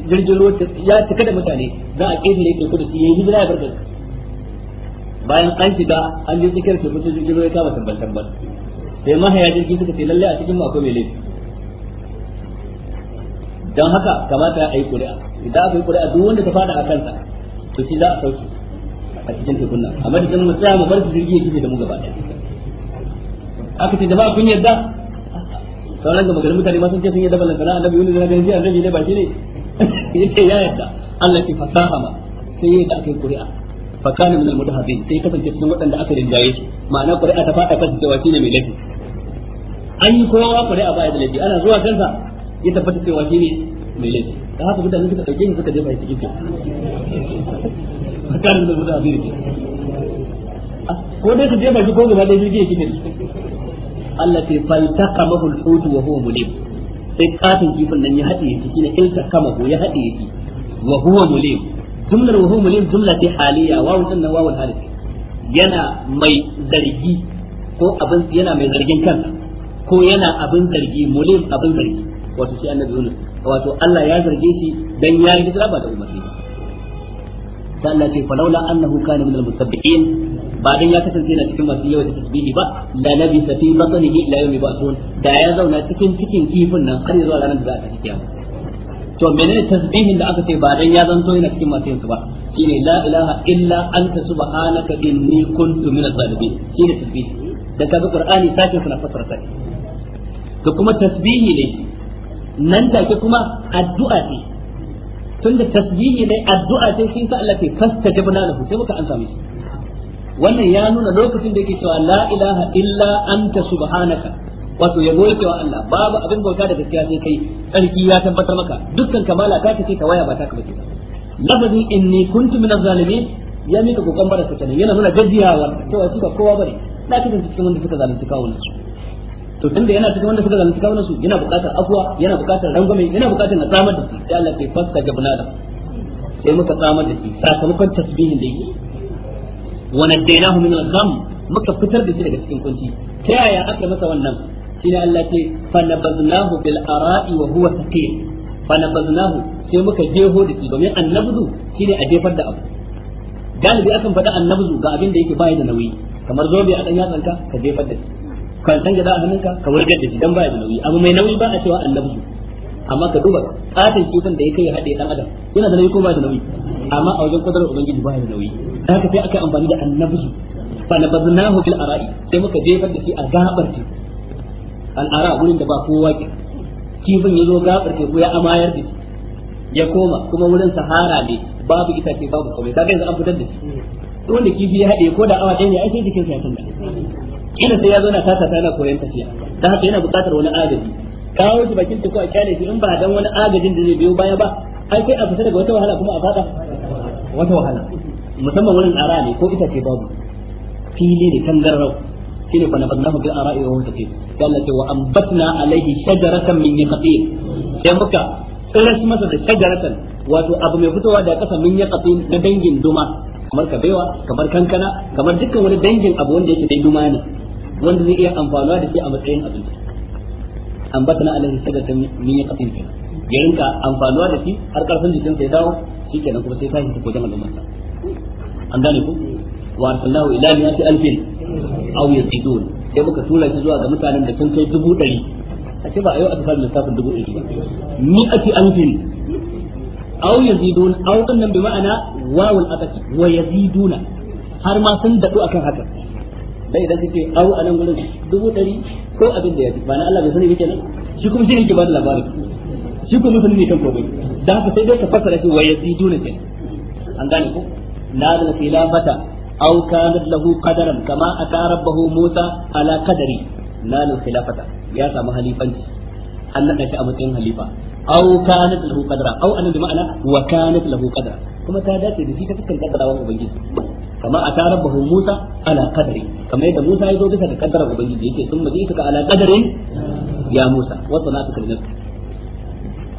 jirgin ruwa ya tuka da mutane za a kidin yake kudu shi yayi hijira ya bar garin bayan an shiga an je tsakiyar teku sai jirgin ruwa ya kama tambal tambal sai ma haya jirgin suka ce lalle a cikin mako mai laifi dan haka kamata a yi ƙuri'a idan aka yi ƙuri'a duk wanda ta fada a kansa to shi za a sauke a cikin tekun nan amma da mu tsaya mu bar su jirgi ya kike da mu gaba ɗaya aka ce jama'a kun yarda sauran gaba garin mutane ma sun ce sun yi daban lantana annabi yunus na ziyar annabi ne ba shi ne yace ya yadda Allah ke ki fasahama sai ya da aka yi fa kana min al-mudahhabin sai kasance cikin waɗanda aka rinjaye su ma'ana qur'a ta fada kansa cewa shi ne mai laifi an yi kowa qur'a ba ya da laifi ana zuwa kansa ya tabbata cewa shi ne mai laifi da haka mutane suka ɗauke ni suka jefa shi cikin fa kana min al-mudahhabin ah, ko dai su jefa shi ko gaba da jirgi ya kike allati sai kafin kifin nan ya hade shi shine iltaqamahu ya hade shi wa huwa mulim jumlar wa huwa mulim jumla haliya nan halif yana mai zargi ko abin yana mai zargin kansa ko yana abin zargi mulim abin zargi wato sai annabi Yunus wato Allah ya zarge shi dan ya yi hijira ba da umarni ba sai Allah falaula annahu kana min al-musabbihin ba dan ya kasance na cikin masu yawa da tasbihi ba la nabi safi batnihi ila yawmi ba'thun da ya zauna cikin cikin kifin nan har zuwa ranar da za ta ci kiyama to menene tasbihin da aka ce ba dan ya zanto yana cikin masu yin su ba shine la ilaha illa anta subhanaka inni kuntu minaz zalimin shine tasbihi da kaga qur'ani sakin suna fassara sai to kuma tasbihi ne nan ke kuma addu'a ce tunda tasbihi ne addu'a ce shi ta Allah ce fastajabna lahu sai muka ansa mishi wannan ya nuna lokacin da yake cewa la ilaha illa anta subhanaka wato yabo yake wa Allah babu abin bauta da gaskiya sai kai Sarki ya tabbatar maka dukkan kamala ta kace ta waya ba ta ka bace lafazin inni kuntu minaz zalimin ya mika kokon bara ta yana nuna gajiyawa cewa su ba kowa bane na kidan cikin wanda suka zalunci kawunan su to tunda yana cikin wanda suka zalunci kawunan su yana buƙatar afwa yana buƙatar rangwame yana buƙatar na tsamar da shi sai Allah ya fasta jabna da sai muka tsamar da shi sakamakon tasbihin da yake wa nadainahu min al-gham muka fitar da shi daga cikin kunci ta yaya aka masa wannan shine Allah ce fa nabadnahu bil ara'i wa huwa saqim fa nabadnahu sai muka jeho da shi domin annabzu shine a jefar da abu galibi akan faɗa annabzu ga abin da yake bai da nauyi kamar zobe a dan yatsanka ka jefar da shi kan ka da shi dan bai nauyi abu mai nauyi ba a cewa annabzu amma ka duba katin kifin da ya kai haɗe dan adam yana da nauyi ko ba da nauyi amma a wajen kudurar ubangiji ba da nauyi haka sai aka amfani da annabi fa nabadnahu fil ara'i sai muka jefar da shi a gabar ta al ara wurin da ba kowa ke kifin ya zo gabar ko ya amayar da shi ya koma kuma wurin sahara ne babu itace babu komai kaga yanzu an fitar da shi duk wanda kifi ya haɗe ko da awa ɗaya ne ai sai sa ya tunda ina sai ya zo na tasa tana koyon tafiya dan haka yana buƙatar wani agaji kawo shi bakin ko a kyale shi in ba dan wani agajin da zai biyo baya ba ai sai a fita daga wata wahala kuma a fada wata wahala musamman wani ara ne ko ita ce babu fili ne tangarrau shine fa nabadnahu bil ara'i wa huwa taqim dalla ta wa ambatna alayhi shajaratan min yaqtin sai muka tsiras masa da shajaratan wato abu mai fitowa da kasa min yaqtin na dangin duma kamar kabewa kamar kankana kamar dukkan wani dangin abu wanda yake dai duma ne wanda zai iya amfanuwa da shi a matsayin abinci ambatana alaihi sadata min yaqatin fi ya rinka amfanuwa da shi har karfin jikin sai dawo shikenan kuma sai tashi ta jama'a al'ummarsa an gane ku wa arsalnahu ila mi'ati alfin aw yazidun sai muka tura shi zuwa ga mutanen da sun kai dubu dari a ce ba a yau aka fara lissafin dubu dari ba mi'ati alfin aw yazidun aw nan bi ma'ana wawul ataki wa yaziduna har ma sun dadu akan haka dai idan kike aw anan gurin dubu dari. ko abin da ya ji ba na Allah bai sani yake nan shi kuma shi ke ba da labari shi kuma sani ne kan komai da haka sai dai ka fassara shi wa yaziduna kai an gane ko na nazal khilafata aw kanat lahu qadaran kama ata rabbahu Musa ala qadari nazal khilafata ya samu halifanci an nada shi a matsayin halifa aw kanat lahu qadara aw anan bi ma'ana wa kanat lahu qadara kuma ta dace da shi ta fuskar kaddarawan ubangiji kama a tarar bahu Musa ala kadari kama yadda Musa ya zo bisa ga kaddarar ubangiji yake sun maji ka ala kadarin ya Musa wato na tukar nafsi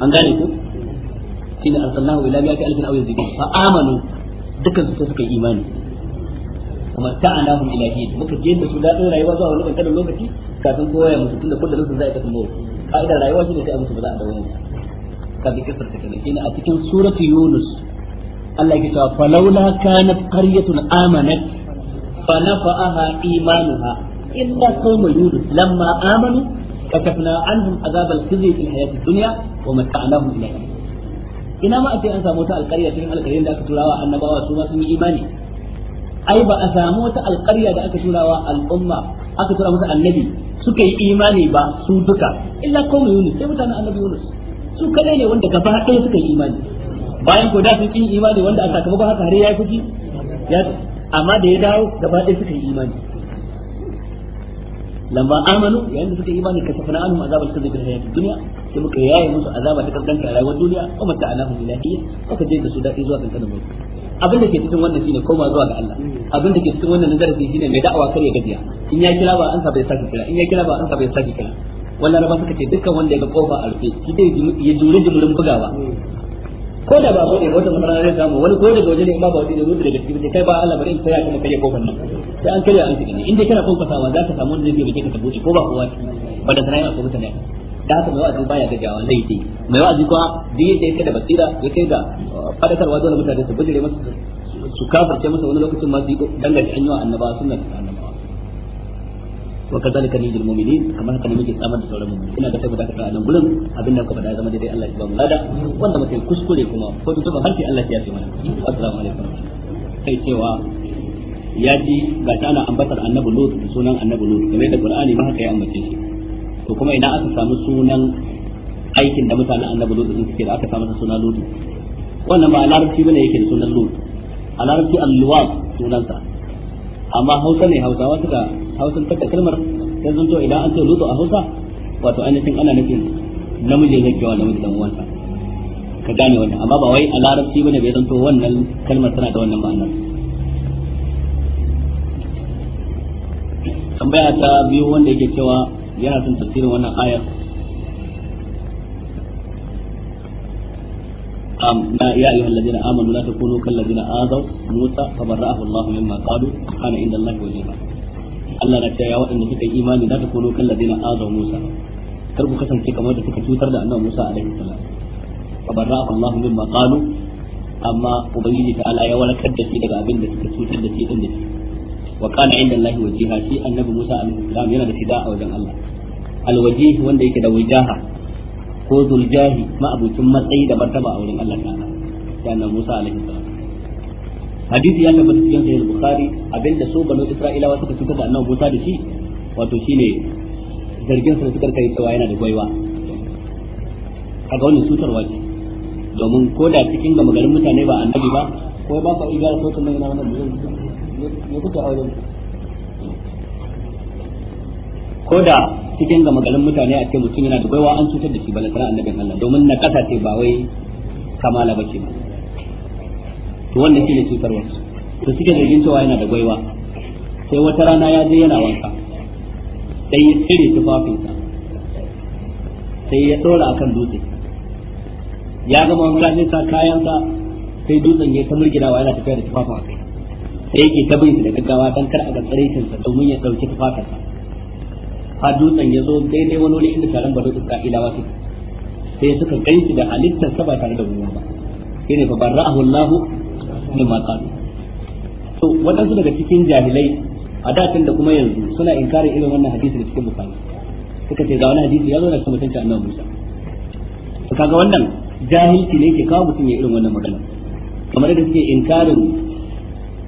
an gane ku shine arsalnahu ila bi'ati alfin aw yazid fa amanu dukkan su suka yi imani kuma ta'anahum ila hid muka je da su dadin rayuwa zuwa wani kankanin lokaci kafin kowa ya mutu tunda kullum sun zai ta kuma ka'idar rayuwa shine sai a mutu ba za a dawo mu ka bi kisar take ne kina a cikin suratu yunus Allah yake cewa falaula kanat qaryatun amanat fa nafa'aha imanuha illa qawma yunus lamma amanu كشفنا عنهم عذاب الخزي في الحياة الدنيا ومتعناهم إلى حين ina ma a ce an samu wata alƙarya cikin alƙaryar da aka turawa annabawa su ma sun yi imani ai ba a samu wata alƙarya da aka turawa al'umma aka tura musu annabi suka yi imani ba su duka illa kawai yunus sai mutanen annabi yunus su kadai ne wanda gaba ɗaya suka yi imani bayan ko da sun kin imani wanda a sakamakon haka har ya yi ya amma da ya dawo gaba ɗaya suka yi imani lamba amanu yayin da suka yi imani kashafna anhum azabal kadhib fil hayatid dunya sai muka yaye musu azaba ta kaskanta a rayuwar duniya wa mata anahu ilahi aka je da su dadi zuwa kankanin mai abin da ke cikin wannan shine koma zuwa ga Allah abin da ke cikin wannan nazarci shine mai da'awa kare gajiya in ya kira ba an sa bai saki kira in ya kira ba an sa bai saki kira wannan rabar suka ce dukkan wanda ya ga kofa a rufe shi dai ya jure jimurin bugawa ko da ba bude ne wata masana zai samu wani ko daga waje ne ma ba wani da zo daga cikin sai kai ba Allah bari in tsaya kuma kai kofar nan sai an karya an tsige ne inda kana kofar kasawa za ka samu wanda zai bi ka ta buɗe ko ba kowa ci ba da sarai ko mutane da haka mai wa'azi baya gajawa zai yi mai wa'azi kuwa da yadda yake da basira ya kai ga uh, fadakarwa dole mutane su bijire masa su kafirce masa wani lokacin ma su yi dangane an yi wa annabawa sunna wa kadhalika nijil mu'minin kamar haka ne muke tsamar da sauran mu'mini ina ga tabbata ka a nan gurin abin da kuka faɗa zama daidai Allah ya ba mu lada wanda mutum kuskure kuma ko duk ba harshe Allah ya yafe mana assalamu alaikum kai cewa ya ji ga ta ambatar annabi lut da sunan annabi lut kamar da qur'ani ma haka ya ambace shi to kuma idan aka samu sunan aikin da mutanen annabi lut sun suke da aka samu sunan lut wannan ba a bane yake da sunan lut a larabci al-luwab amma hausa ne hausawa suka hausa ta kalmar sai zan to idan an ce lutu a hausa wato ainihin ana nufin namiji zai kewa namiji dan uwansa ka gane wannan amma ba wai a larabci bane bai zanto wannan kalmar tana da wannan ma'anar tambaya ta biyu wanda yake cewa yana son tafsirin wannan ayar na ya ayyuhal ladina amanu la takunu kal ladina azaw موسى فبرأه الله mimma qalu ana inda الله wajiba Allah na cewa waɗanda suka yi imani za ta kono kan ladina azaw Musa kar ku kasance kamar da suka cutar da annabi Musa alaihi salam fa barra Allah ma qalu amma ubangiji ta Allah ya warakar da shi daga abin da suka cutar da shi din da shi wa kana inda Allah wajiha shi annabi Musa alaihi salam yana da fida a wajen Allah alwajih wanda yake da wajaha ko zuljahi ma abucin matsayi da martaba a wurin Allah ta'ala sai annabi Musa alaihi salam hadisi ya tabbata cikin sahih bukhari abinda so banu isra'ilawa suka cuta da annabi Musa da shi wato shine zargin sa suka kai cewa yana da gwaiwa kaga wannan cutarwa ce domin ko da cikin ga magarin mutane ba annabi ba ko ba ka iya ko kuma yana wannan ne kuka aure ko da cikin ga magarin mutane a ce mutum yana da gwaiwa an cutar da shi balantana annabin Allah domin na kasa ce ba wai kamala bace ba to wannan shine cutar wasu to suke zargin cewa yana da gwaiwa sai wata rana ya je yana wanka sai ya cire tufafinsa sai ya dora akan dutse ya gama wanka zai sa kayansa sai dutsen ya ta wa yana tafiya da tufafin a kai sai yake ta bin da gaggawa dan kar a ga tsaraitinsa domin ya dauki tufafinsa har dutsen ya zo daidai wani wani inda taron bado isra'ilawa wasu sai suka ganci da halittar sa ba tare da ruwa ba shine fa barra'ahu Allah ma qalu to wadansu daga cikin jahilai a datin da kuma yanzu suna inkarin irin wannan hadisi da cikin bukari suka ce ga wani hadisi ya zo da kuma tantance annabi Musa to kaga wannan jahilci ne ke kawo mutum ya irin wannan magana kamar da suke inkarin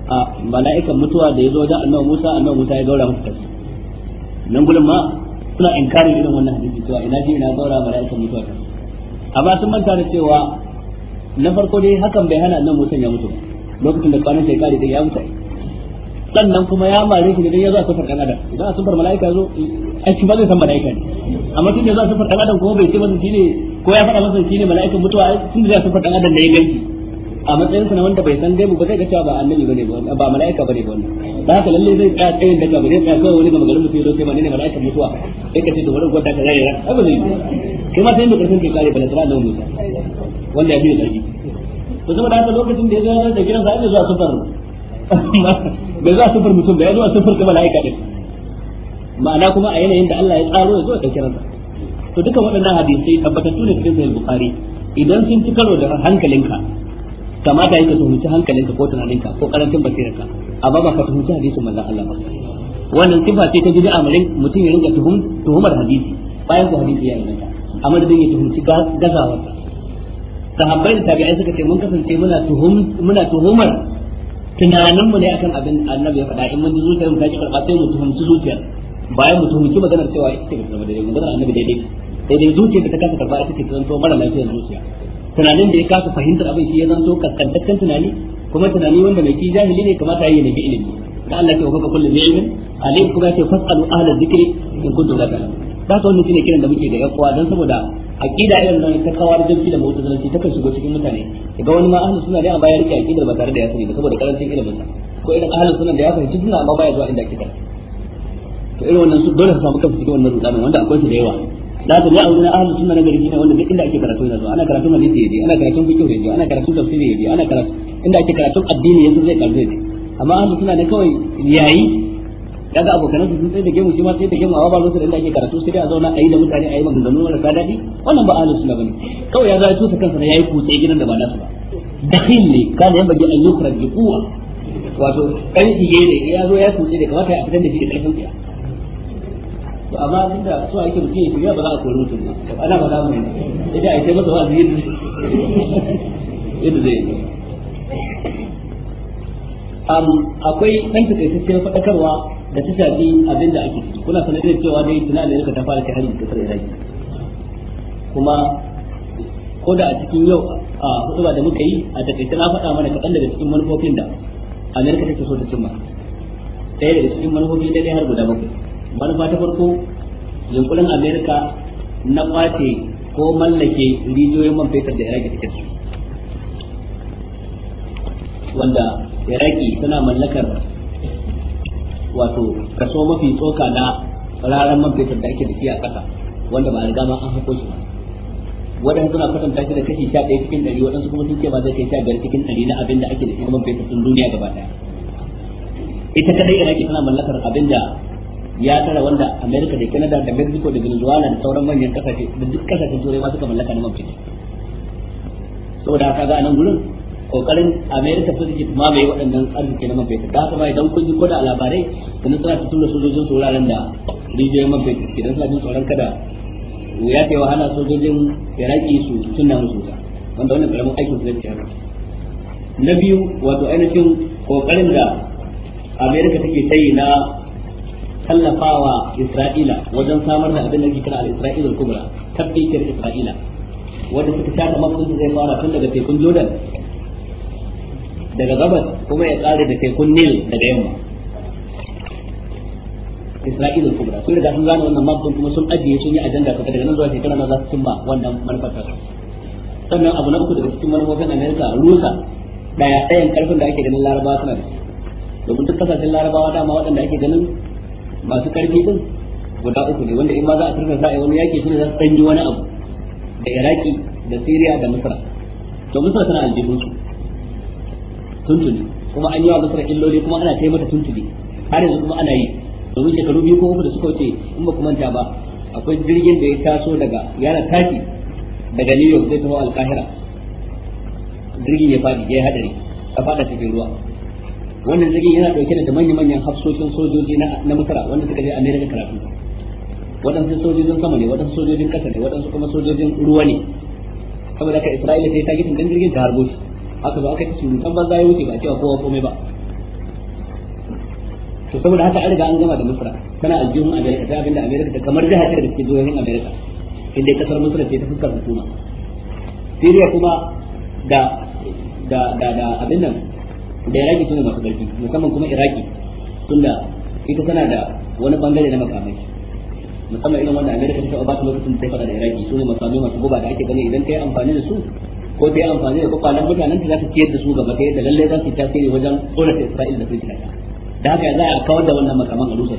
a mala'ikan mutuwa da ya zo da annabi Musa annabi Musa ya gaura masa kashi nan gurin ma suna inkarin irin wannan hadisi cewa ina ji ina gaura mala'ikan mutuwa ta amma sun manta da cewa na farko dai hakan bai hana annabi Musa ya mutu ba lokacin da kwanan shekari din ya mutu sannan kuma ya mare shi idan ya zo a sufar dan adam idan a sufar mala'ika zo a shi ba zai san mala'ika ne amma tun da za a sufar dan adam kuma bai ce masa shine ko ya faɗa masa shine mala'ikan mutuwa tun da za a sufar dan adam da ya ganki a matsayin sa na wanda bai san dai ba zai ga cewa ba annabi bane ba ba mala'ika bane ba wannan da haka lalle zai tsaya tsayin daga bane tsaya kawai wani ga magarin mutum ya zo sai ma ne mala'ikan mutuwa sai ka ce to wannan gwada ka zai ra ba zai kai ma sai mu karfin ke kare balantara da mutum wanda ya biyo da karfi to da haka lokacin da ya zo da gidansa zo zuwa sufar bai a sufar mutum bai zuwa sufar ta mala'ika din ma'ana kuma a yanayin da Allah ya tsaro ya zo a da sa to dukan waɗannan hadisi tabbatattu ne cikin sahih bukhari idan sun ci karo da hankalinka kamata yake ka tuhunci hankalinka ko tunaninka ko karancin basirarka amma ba ka tuhunci hadisin manzon Allah ba wannan sifa ce ta jidi amalin mutum ya rinka tuhum tuhumar hadisi bayan ko hadisi ya inganta amma da ya tuhunci gazawarsa sahabbai da tabi'ai suka ce mun kasance muna tuhum muna tuhumar mu ne akan abin annabi ya faɗa in mun ji zuciyar mu ta ci karɓa sai mu su zuciyar bayan mu ki maganar cewa ita ce ba ta daidai maganar annabi daidai daidai zuciyar da ta kasa karɓa ita ce ta zanto mara lafiyar zuciya tunanin da ya kasa fahimtar abin shi ya zanto kaskantaccen tunani kuma tunani wanda mai ki jahili ne kamata ya yi ne ilimi da Allah ya wafaka kullu ilmin alim kuma ya ce fasalu ahla dhikri in kuntum la ta'lamun da haka wannan shine kiran da muke da yan uwa dan saboda aqida irin nan ta kawar jinki da mu'tazilanci ta kan shigo cikin mutane ga wani ma ahlus sunna da a bayar ki aqida ba tare da ya sani ba saboda karancin ilimin sa ko irin ahlus sunna da ya fahimci sunna amma baya zuwa inda kika to irin wannan su dole su samu kansu cikin wannan rudanin wanda akwai su da yawa da ka ne a wurin ahlus sunna na gari ne wanda duk inda ake karatu yanzu ana karatu ne hadisi yaje ana karatun fiqh yaje ana karatun tafsiri yaje ana karatu inda ake karatu addini yanzu zai karbe amma ahlus sunna ne kawai yayi kaga abokan su sun tsaye da gemu shi ma tsaye da gemu a ba lokacin da ake karatu sai dai a zauna a yi da mutane a yi maganganu marasa dadi wannan ba ahlus sunna bane kawai ya zai tusa kansa ne yayi kutse gidan da ba nasu ba dakhil ne kan yamba ga an yukra bi quwwa wato kan shi ne ya zo ya kutse da kamata ya fitar da shi da karfin tsiya to amma duk da so ake mutum ya shirya ba za a kori mutum ba ana ba za mu yi sai dai a masa wa'azi yadda zai yi akwai ɗan takaitaccen faɗakarwa da ta shafi abin da ake ciki kuna sanar da cewa dai da yanka ta fara ta hari kasar Iraki kuma ko da a cikin yau a hutuba da muka yi a takaice na faɗa mana kaɗan daga cikin manufofin da Amerika take so ta cimma ɗaya daga cikin manufofi dai har guda bakwai manufa ta farko yunkurin Amerika na kwace ko mallake rijiyoyin man fetur da Iraki take su wanda Iraki tana mallakar wato kaso mafi tsoka na raran man fetur da ake da shi a ƙasa wanda ba a riga ma an hako shi ba waɗansu suna kwatanta shi da kashi sha ɗaya cikin ɗari waɗansu kuma sun ce ba zai kai sha biyar cikin ɗari na abin da ake da shi man fetur ɗin duniya gaba ɗaya ita kadai ke tana mallakar abin da ya tara wanda America da Canada da Mexico da Venezuela da sauran manyan kasashe da duk kasashen turai ma suka mallaka na man fetur saboda haka ga nan gurin kokarin america su ma bai waɗannan ke na man ta da haka idan kun ji ko da labarai nan suna tura sojojin su da rijiyar man fetur ke dan suna jin tsoron kada ya ta yi wahala sojojin iraki su na musu ta wanda wannan karamin aikin zai ce na biyu wato ainihin kokarin da america take ta yi na tallafawa isra'ila wajen samar da abin da ke kira al-isra'ilul kubra tabbikin isra'ila wanda suka shata mafi zai fara tun daga tekun jordan daga gabas kuma ya tsare da tekun nil daga yamma isra'ila kubra sun riga sun gane wannan mabdun kuma sun ajiye sun yi ajanda kaga daga nan zuwa shekara na za su cimma wannan manufar ta sannan abu na uku daga cikin manufofin amerika rusa daya ɗayan karfin da ake ganin larabawa suna da shi domin duk kasashen larabawa dama waɗanda ake ganin masu karfi din guda uku ne wanda in ma za a turka sa'a wani yaki shi zan za wani abu da iraki da siriya da misra to misra tana aljihunsu tuntuni kuma an yi wa masarar illoli kuma ana kai mata tuntuni har yanzu kuma ana yi domin shekaru biyu ko uku da suka wuce in ba ku manta ba akwai jirgin da ya taso daga yana taki daga New York zai taho Alkahira jirgin ya fadi ya hadari a fada cikin ruwa wannan jirgin yana dauke da manya-manyan hafsoshin sojoji na masara wanda suka je America karatu waɗansu sojojin sama ne waɗansu sojojin ƙasa ne waɗansu kuma sojojin ruwa ne saboda haka Isra'ila sai ta ɗan jirgin ta harbo shi aka zo aka ci surutan banza ya wuce ba cewa kowa komai ba to saboda haka an riga an gama da misra tana aljihun amerika ta abinda amerika ta kamar jihar da ke yin amerika inda kasar misra ce ta fuskar hukuma siriya kuma da da da da abin nan da iraki sune masu karfi musamman kuma iraki tunda ita tana da wani bangare na makamai musamman irin wanda amerika ta taɓa ba su lokacin da ta faɗa da iraki sune makamai masu guba da ake gani idan ta yi amfani da su ko ta yi amfani da kwakwalen mutanen da za ta ciyar da su gaba ta yadda lallai za su yi tasiri wajen ta Isra'ila da firgita ta da haka za a kawar da wannan makaman a rusa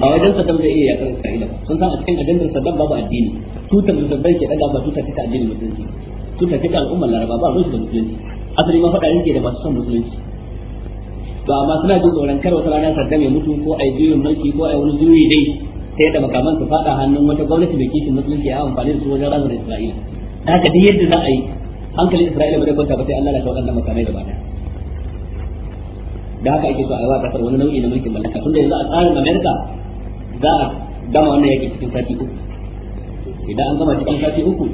ba wajen sa zai iya yakar Isra'ila ba sun san a cikin ajandar Saddam babu addini tutar da Saddam ke daga ba tutar ta addinin musulunci tutar ta al'ummar Laraba ba su da musulunci asali ma faɗa yake da masu son musulunci ba amma suna jin tsoron kar wata rana Saddam ya mutu ko ai juyin mulki ko ai wani juyi dai sai da makaman su faɗa hannun wata gwamnati mai kishin musulunci a amfani da su wajen da Isra'ila haka duk yadda za a yi hankalin Isra'ila bai kwanta ba sai Allah lalata waɗannan makamai gaba ɗaya da haka ake so a yawa kasar wani nau'i na mulkin mallaka tunda yanzu a tsarin Amerika za a gama wannan yaki cikin sati uku idan an gama cikin sati uku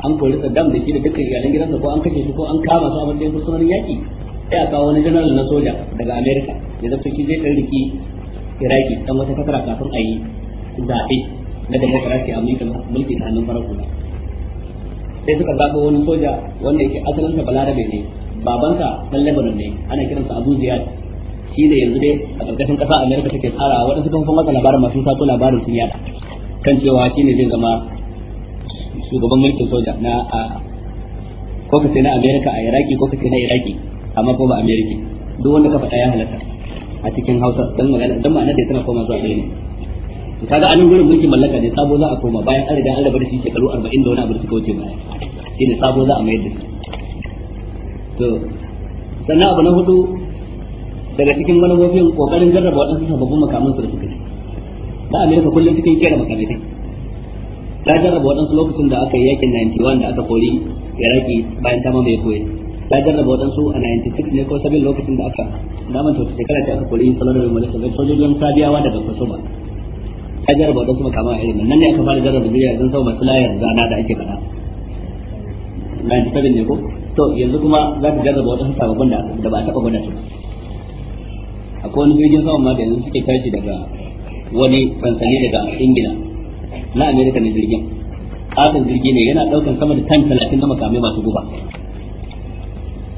an kori Saddam da shi da dukkan iyalan gidansa ko an kashe shi ko an kama su a matsayin fursunonin yaki sai a kawo wani janar na soja daga Amerika ya zafi shi zai ɗan riki Iraki dan wata fatara kafin a yi zaɓe na demokarasi a mulkin mulki ta hannun farar kuma sai suka zaɓo wani soja wanda yake asalin sa balarabe ne babansa dan lebanon ne ana kiransa abu ziyad shi ne yanzu dai a ƙarƙashin ƙasa amerika take tsara waɗansu kamfan watsa labarin masu sato labarin sun yada kan cewa shi ne zai zama shugaban mulkin soja na a ko ka na amerika a iraki ko ka na iraki amma ko ba amerika duk wanda ka faɗa ya halatta a cikin hausa dan magana dan ma'ana da tana koma zuwa ɗaya ne kaga anan gurin mulki mallaka ne sabo za a koma bayan an riga an raba da shi shekaru 40 da wani abu da suka wuce baya shine sabo za a mayar da shi to sannan abu na hudu daga cikin manufofin kokarin jarraba waɗansu sababbin makaman su da suka ci da amerika kullum cikin kera makamai da ta jarraba waɗansu lokacin da aka yi yakin 91 da aka kori iraki bayan ta mamaye koyi ta jarraba waɗansu a 96 ne ko sabin lokacin da aka damanta wata shekara ta aka kori salon mai malaka sojoji sojojiyan sabiyawa daga kosoba ya jarraba wadansu makama irin nan ne aka fara jarraba duniya yanzu sau masu layar zana da ake faɗa 97 ne ko to yanzu kuma za ka jarraba wadansu sababbin da ba a taba gwada su akwai wani jirgin sama ma da yanzu suke tashi daga wani fansani daga ingila na amerika ne jirgin katon jirgi ne yana ɗaukar sama da tan talatin na makamai masu guba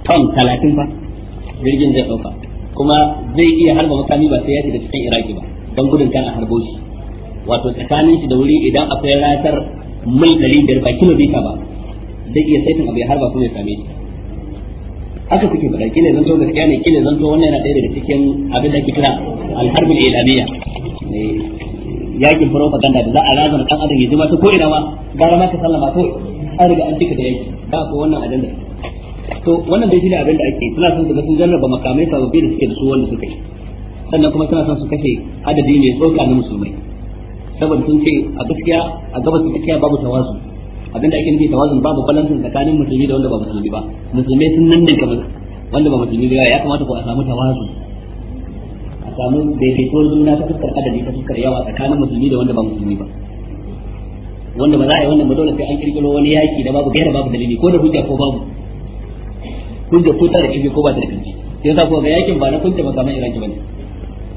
ton talatin ba jirgin zai ɗauka kuma zai iya harba makami ba sai ya shiga cikin iraki ba don gudun kan a harbo shi wato tsakanin shi da wuri idan akwai ratar mil biyar ba kilo bita ba zai iya saitin abu ya harba kuma ya same shi haka kuke faɗa kile zan so gaskiya ne kile zan so wannan yana ɗaya daga cikin abin da ake kira alharbul ilamiyya eh, yakin propaganda da za a razana dan adam ya ji ta ko ina ma gara ma ka sallama to an riga an cika da yaki ba ko wannan ajanda to wannan dai shine abin da ake suna son su ga sun jarraba makamai sababbi da suke da su wanda suka yi sannan kuma suna son su kashe adadi mai tsoka na musulmai saban sun ce a gaskiya a gabas gaskiya babu tawazu abinda ake nufi tawazun babu balansin tsakanin musulmi da wanda ba musulmi ba musulmi sun nan da ninka wanda ba musulmi ba ya kamata ko a samu tawazu a samu daidaituwar juna ta fuskar adadi ta fuskar yawa tsakanin musulmi da wanda ba musulmi ba wanda ba za a yi wannan dole sai an kirkiro wani yaki da babu gaira babu dalili ko da hujja ko babu hujja ko ta da kirki ko ba ta da kirki sai za ku ga yakin ba na kunta kamar iraki bane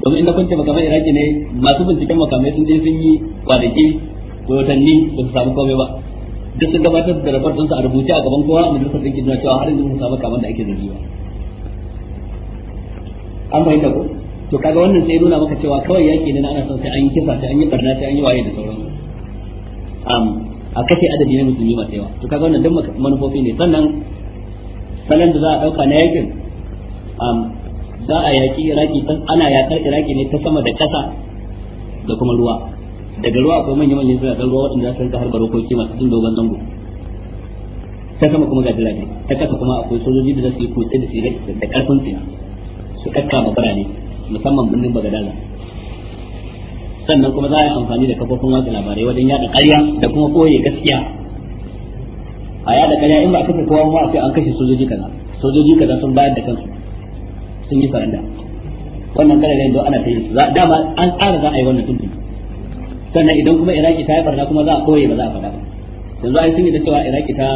domin inda kwance makamai iraki ne masu binciken makamai sun je sun yi kwanaki ko watanni ba su samu komai ba duk sun gabatar da rabar ɗinsu a rubuce a gaban kowa a majalisar ɗinkin duniya cewa har yanzu sun samu kamar da ake zargi ba an fahimta ko to kaga wannan sai nuna maka cewa kawai yaƙi ne na ana son sai an yi kisa sai an yi barna sai an yi waye da sauran a kashe adadi na musulmi masu yawa to kaga wannan duk manufofi ne sannan salon da za a dauka na yakin za a yaki iraki ana yaƙar iraki ne ta sama da kasa da kuma ruwa daga ruwa akwai manyan manyan jiragen ruwa waɗanda za su rinka harbar rokoki masu cin dogon zango ta sama kuma ga jirage ta kasa kuma akwai sojoji da za su yi kusa da tsire da karfin tsina su bara birane musamman birnin bagadala sannan kuma za a yi amfani da kafofin watsa labarai wajen yada ƙarya da kuma koye gaskiya a yada ƙarya in ba a kashe kowa ma a an kashe sojoji kaza sojoji kaza sun bayar da kansu sun yi faranda wannan kare ne don ana ta yi za dama an tsara za a yi wannan tuntun sannan idan kuma iraki ta yi farna kuma za a koye ba za a faɗa ba yanzu ai sun yi da cewa iraki ta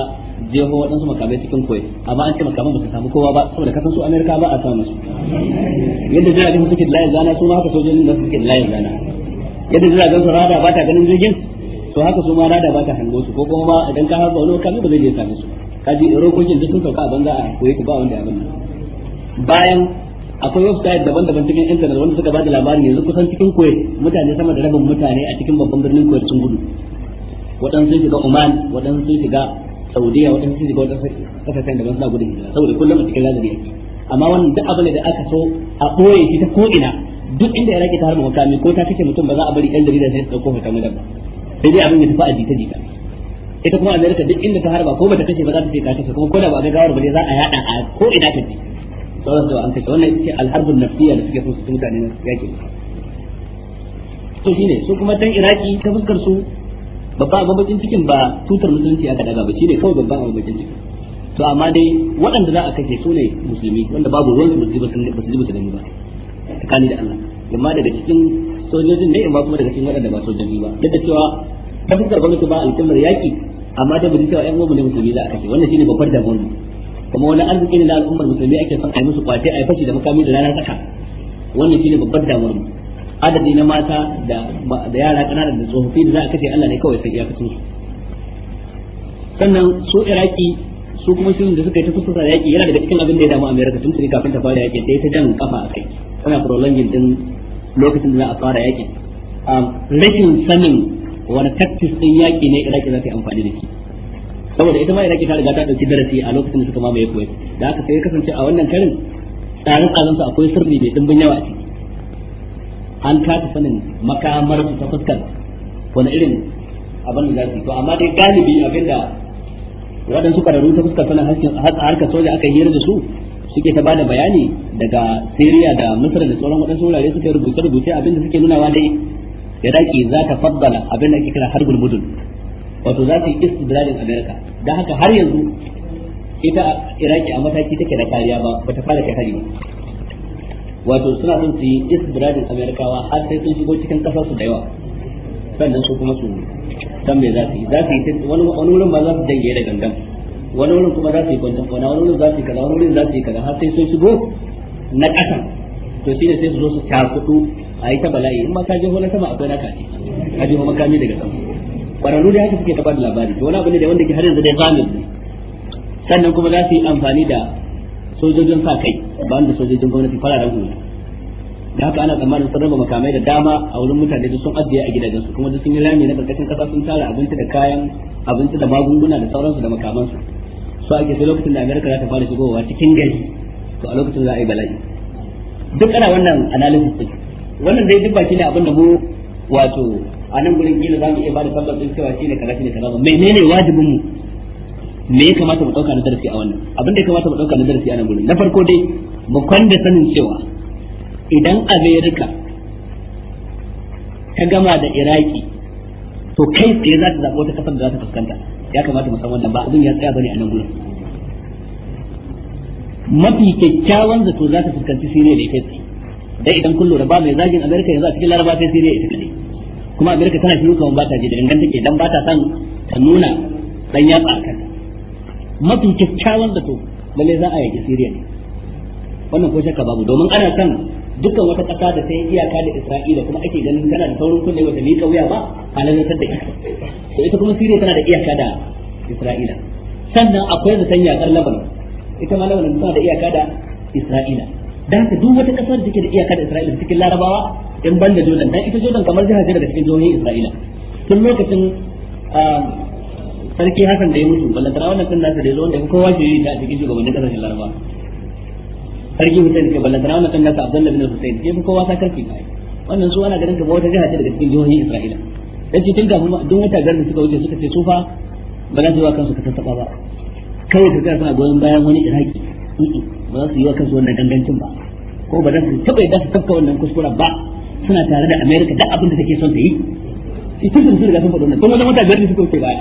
jeho waɗansu makamai cikin koyi amma an ce makaman ba su samu kowa ba saboda kasan su amerika ba a samu su yadda zai suke da layin zana su ma haka sojojin da suke da layin zana yadda jiragen su rada ba ta ganin jirgin to haka su ma rada ba ta hango su ko kuma idan ka haɗa wani kamar ba zai je same musu kaji rokokin duk sun sauka a banza a koyi ku ba wanda ya bin bayan akwai website daban-daban cikin internet wanda suka bada labarin yanzu kusan cikin Kuwait mutane sama da rabin mutane a cikin babban birnin Kuwait sun gudu waɗansu sun shiga Oman waɗansu sun shiga Saudiya waɗansu sun shiga waɗansu kasashen daban suna gudun hijira saboda kullum a cikin lazari yake amma wannan duk abin da aka so a ɓoye shi ta ko'ina duk inda ya rage ta harba makami ko ta kace mutum ba za a bari ɗan jarida sai su ɗauko makamin ba sai dai abin ya tafi a jita-jita ita kuma a amerika duk inda ta harba ko bata kashe ba za ta ce ta kashe kuma ko da ba ga gawar ba dai za a yaɗa a ko'ina ta ce sauran su an kashe wannan ita alharbun nafiya da suke su mutane na yaƙi to shine su kuma dan iraki ta fuskar su babba a babbacin cikin ba tutar musulunci aka daga ba shine kawai babba a babbacin cikin to amma dai waɗanda za a kashe su ne musulmi wanda babu ruwansu ba su ba su ji ba su gani ba tsakani da Allah amma daga cikin sojojin ne amma kuma daga cikin waɗanda ba sojoji ba duk da cewa ta fuskar gwamnati ba alƙimar yaƙi amma ta bude cewa ƴan uwan ne musulmi za a kashe wannan shine babbar damuwar mu kuma wani arziki ne na al'ummar musulmi ake son a yi musu kwace a yi fashi da makami da rana saka wannan shine babbar damuwar mu adadi na mata da da yara kanana da tsofaffi da za a kace Allah ne kawai sai iyakacin su sannan su iraki su kuma shirin da suka yi ta da yaki yana daga cikin abin da ya damu america tun tuni kafin ta fara yakin da ta jan kafa a kai tana prolonging din lokacin da za a fara yakin rashin sanin wani tactics din yaki ne iraki za ta yi amfani da shi saboda ita ma iraki ta riga ta dauki darasi a lokacin da suka mamaye kuwait da haka sai ya kasance a wannan karin tsarin tsarinsa akwai sirri mai dimbin yawa a ciki an kasa sanin makamar ta fuskar wani irin abin da zasu to amma dai galibi abinda waɗansu kararru ta fuskar sanin harkar soja aka yi da su suke ta bada bayani daga Syria da Misra da sauran waɗansu wurare suke rubuce rubuce abinda suke nunawa dai Iraki za ta faddala abin da ake kira harbul mudun wato za su yi istidralin amerika don haka har yanzu ita iraki a mataki take da kariya ba ba ta fara kai hari ba wato suna son su yi istidralin amerikawa har sai sun shigo cikin kasar su da yawa sannan su kuma su san me za su yi za su yi wani wurin ba za su dange da gangan wani wurin kuma za su yi kwanton kwana wani wurin za su yi kaza wani wurin za su yi kaza har sai sun shigo na ƙasan to shine sai su zo su cakudu a yi ta bala'i in ma ka je na sama akwai na kaji ka je makami daga sama kwararru da haka suke ta bada labari to wani abu ne da wanda ke har yanzu dai zamin ne sannan kuma za su yi amfani da sojojin sa kai ba da sojojin gwamnati fararen hula da haka ana tsammanin sun raba makamai da dama a wurin mutane da sun ajiye a gidajensu kuma duk sun yi rami na karkashin kasa sun tara abinci da kayan abinci da magunguna da sauransu da makamansu su ake sai lokacin da amerika za ta fara shigowa cikin gari to a lokacin za a yi bala'i duk ana wannan analysis din wannan dai duk baki ne abin da mu wato a nan gurin gina za mu iya ba da sallar ɗin cewa shi ne kaza shine kaza menene wajibin mu me ya kamata mu ɗauka na darasi a wannan abin da ya kamata mu ɗauka na darasi a nan gurin na farko dai mu kwanda sanin cewa idan america ta gama da iraki to kai tsaye za ta zaɓi wata kasar da za ta fuskanta ya kamata mu san wannan ba abin ya tsaya ba ne a nan gurin mafi kyakkyawan zato za ta fuskanci siriya da kai tsaye dai idan kun lura ba mai zagin america yanzu a cikin laraba sai siriya ita kuma amerika tana shi kamar ba ta ji da gangan take dan ba ta san ta nuna dan ya tsaka mafi kyakkyawan da to lalle za a yi gisiriya ne wannan ko shakka babu domin ana san dukkan wata ƙasa da ta yi iyaka da isra'ila kuma ake ganin tana da saurin kunne wata miƙa wuya ba a lalatar da ita to ita kuma siriya tana da iyaka da isra'ila sannan akwai zaton yakar Laban ita ma Laban tana da iyaka da isra'ila dan ka duk wata kasar da take da iyakar da Isra'ila cikin Larabawa in ban da Jordan dan ita Jordan kamar jihar ce daga cikin jihohin Isra'ila tun lokacin ah, sarki Hassan da ya mutu ballantana wannan sun nasa da ya zo wanda kowa ke yi da cikin shugabannin kasar Larabawa sarki Hussein ke tarawa wannan sun da Abdullah bin Hussein ke kowa ta karfi kai wannan su ana ganin ka wata jiha ce daga cikin jihohin Isra'ila dan ce tun ga duk wata garin suka wuce suka ce su fa ba za su yi wa kansu ka tattaba ba kai ka ga suna goyon bayan wani Iraki ba za su yi wa kansu wannan gangancin ba ko ba za su taɓa yadda su tafka wannan kuskura ba suna tare da amerika da abin da take son ta yi ita sun riga sun faɗi wannan don wajen wata biyar ne suka wuce baya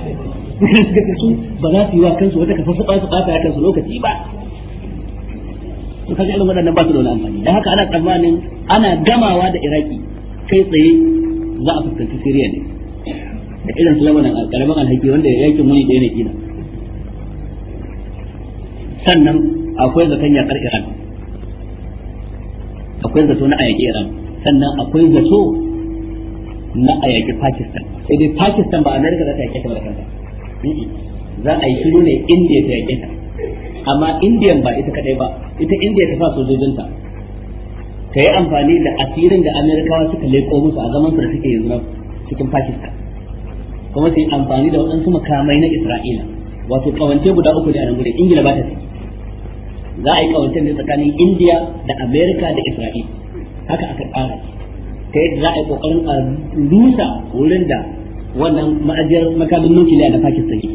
suka shiga su ba za su yi wa kansu wata kafa su ɓata ɓata ya kansu lokaci ba su kaga irin waɗannan ba su da wani amfani da haka ana tsammanin ana gamawa da iraki kai tsaye za a fuskanci siriya ne da irin su lamarin karamin alhaki wanda yakin muni ɗaya ne kina sannan akwai zaton yakar iran akwai zato na ayaki iran sannan akwai zato na ayaki pakistan sai dai pakistan ba amerika za ta yake ta da kanta za a yi shiru ne indiya ta yake ta amma indiyan ba ita kadai ba ita indiya ta sa sojojinta ta yi amfani da asirin da amerikawa suka leko musu a zaman su da suke yanzu cikin pakistan kuma su yi amfani da waɗansu makamai na isra'ila wato kawance guda uku ne a nan gudun ingila ba ta ciki za a yi kawance ne tsakanin indiya da Amerika da Isra'il haka aka tsara ta yadda za a yi kokarin a rusa wurin da wannan ma'ajiyar makamin nukiliya da Pakistan yake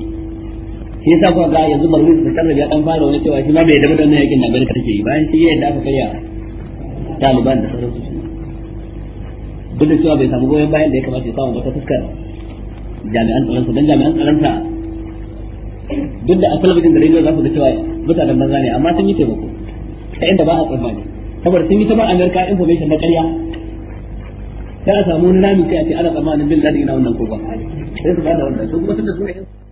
shi yasa kuka ga yanzu Barwis da Karnabi ya dan fara wani cewa shi ma bai yarda da wannan yakin da America take yi bayan shi yadda aka karya Taliban da sauransu duk da cewa bai samu goyon bayan da ya kamata ya samu wata fuskar jami'an tsaronsa don jami'an tsaronsa duk da a talabijin da rediyo za ku ga cewa mutanen banza ne amma sun yi taimako ta inda ba a tsammani saboda sun yi ta ba Amerika information na karya sai a samu wani rami sai a ce ana tsammanin bin ladin ina wannan ko ba sai su ba da wannan su kuma sun da su ne